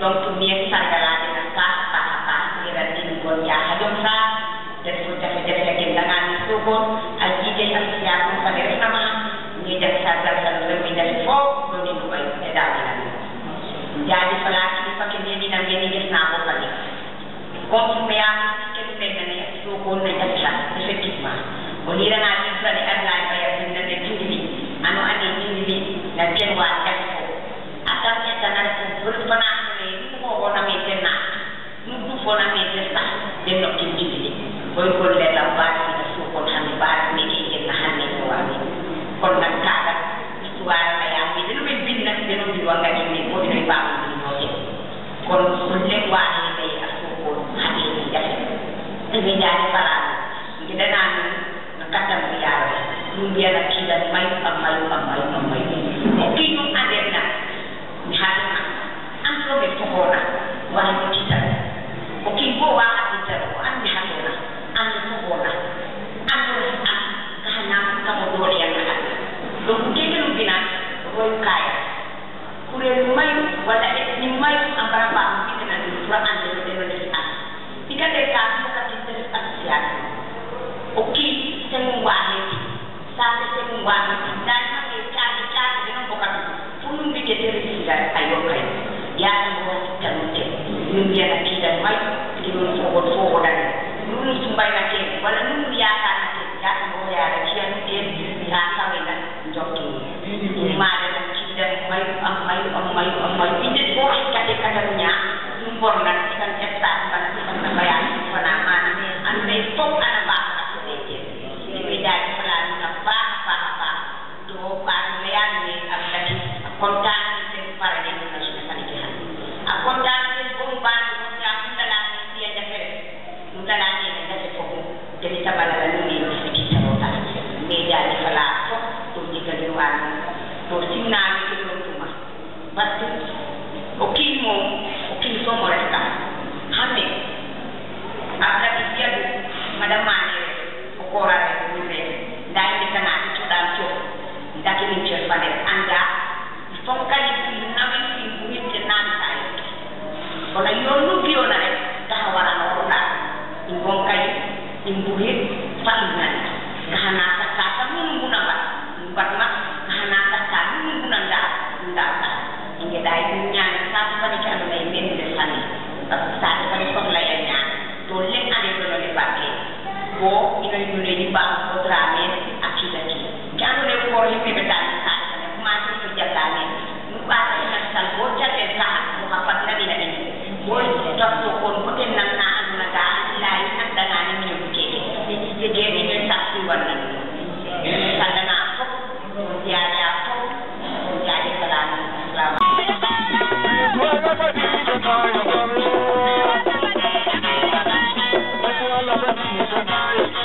yung kumiesa dalan ng kasta kasiran din ko niya hayom sa jesus sa jesus sa kintangan suko at jesus sa siya kung sa gerus na mga niya sa dalan sa lumen niya si po lumen ko ay edad niya jadi pala si pa kini ni na gini ni na ko pali ko kumiesa kasi pwede niya suko na niya sa kasi kisma Bolehlah nanti saya adalah bayar dengan negeri Anu anu negeri negeri wajar. Akan kita nanti berpenang unaponameze na mtu uponameze sa den nokkin jibide koye golle lam mbaɗiɗa sukon hande mbaɗa meɗeɗen na hande no wawi kono nan kaɗa histoire ayami ɗeno min binnak ɗeno mbiɗ wangani min modi noye mbamodinoje kono golle wawiɓe a sukon haɗeni jafe ɓe jaani falano gueɗanami no kattanmo yaaro ɗum mbiyana min akidal may ndimin fogol fofolal lulul sumbaynaten walla lulul yakanaten yaɗumo yaɗa ciyan en dirmi ha kawenan jokke maɗe nan kiddan mayu am mayu am mayu am mayu inde bo hekkate kadam ña ɗum bornan my bago po namin akita-kita. Gano na po rin pibitanin sa atin na kumasin sa dyan namin. Nung bata yung nagsalbo, dyan din lahat mo kapag nabinanin. Boy, doktor ko, butin lang na ano na daan, lahat ang danganin niyo bukit. Hindi din sa siwan na niyo. Sana na ako, diyari ako, diyari sa lamin. Salamat. Thank you.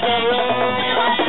Thank you.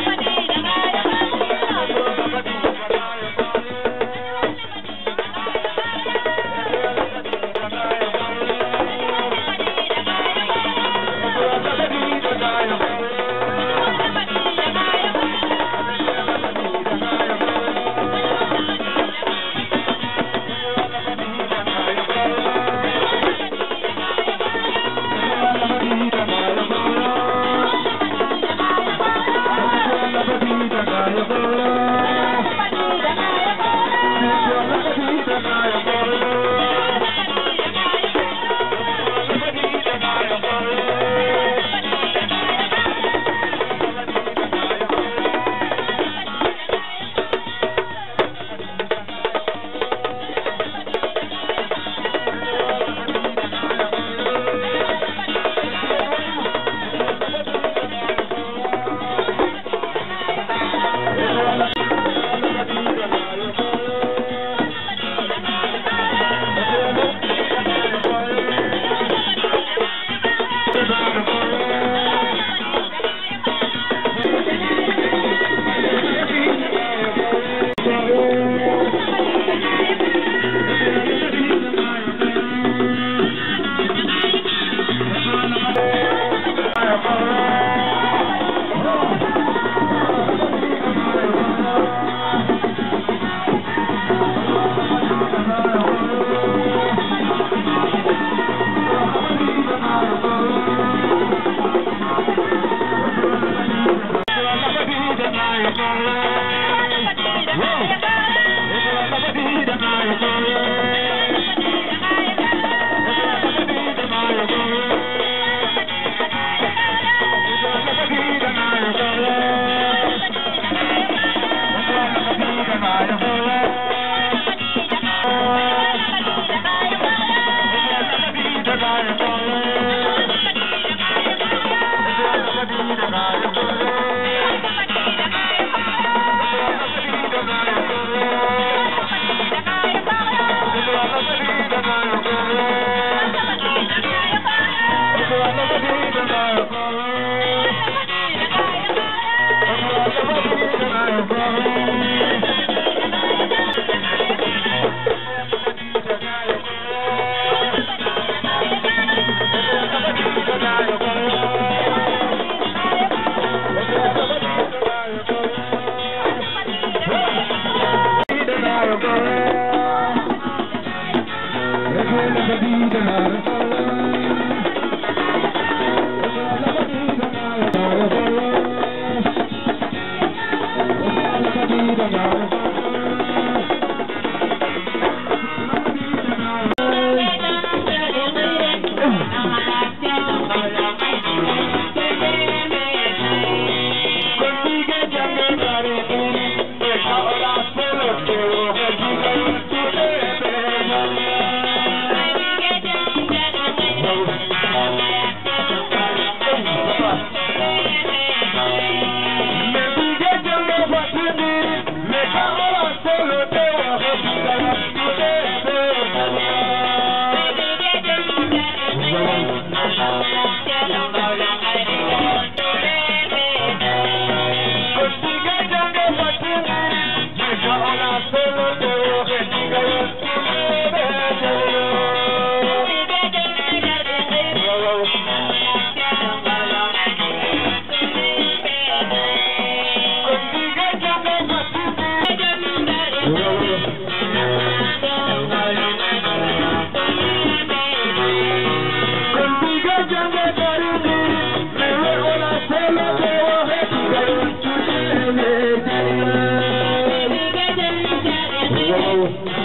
الجحيم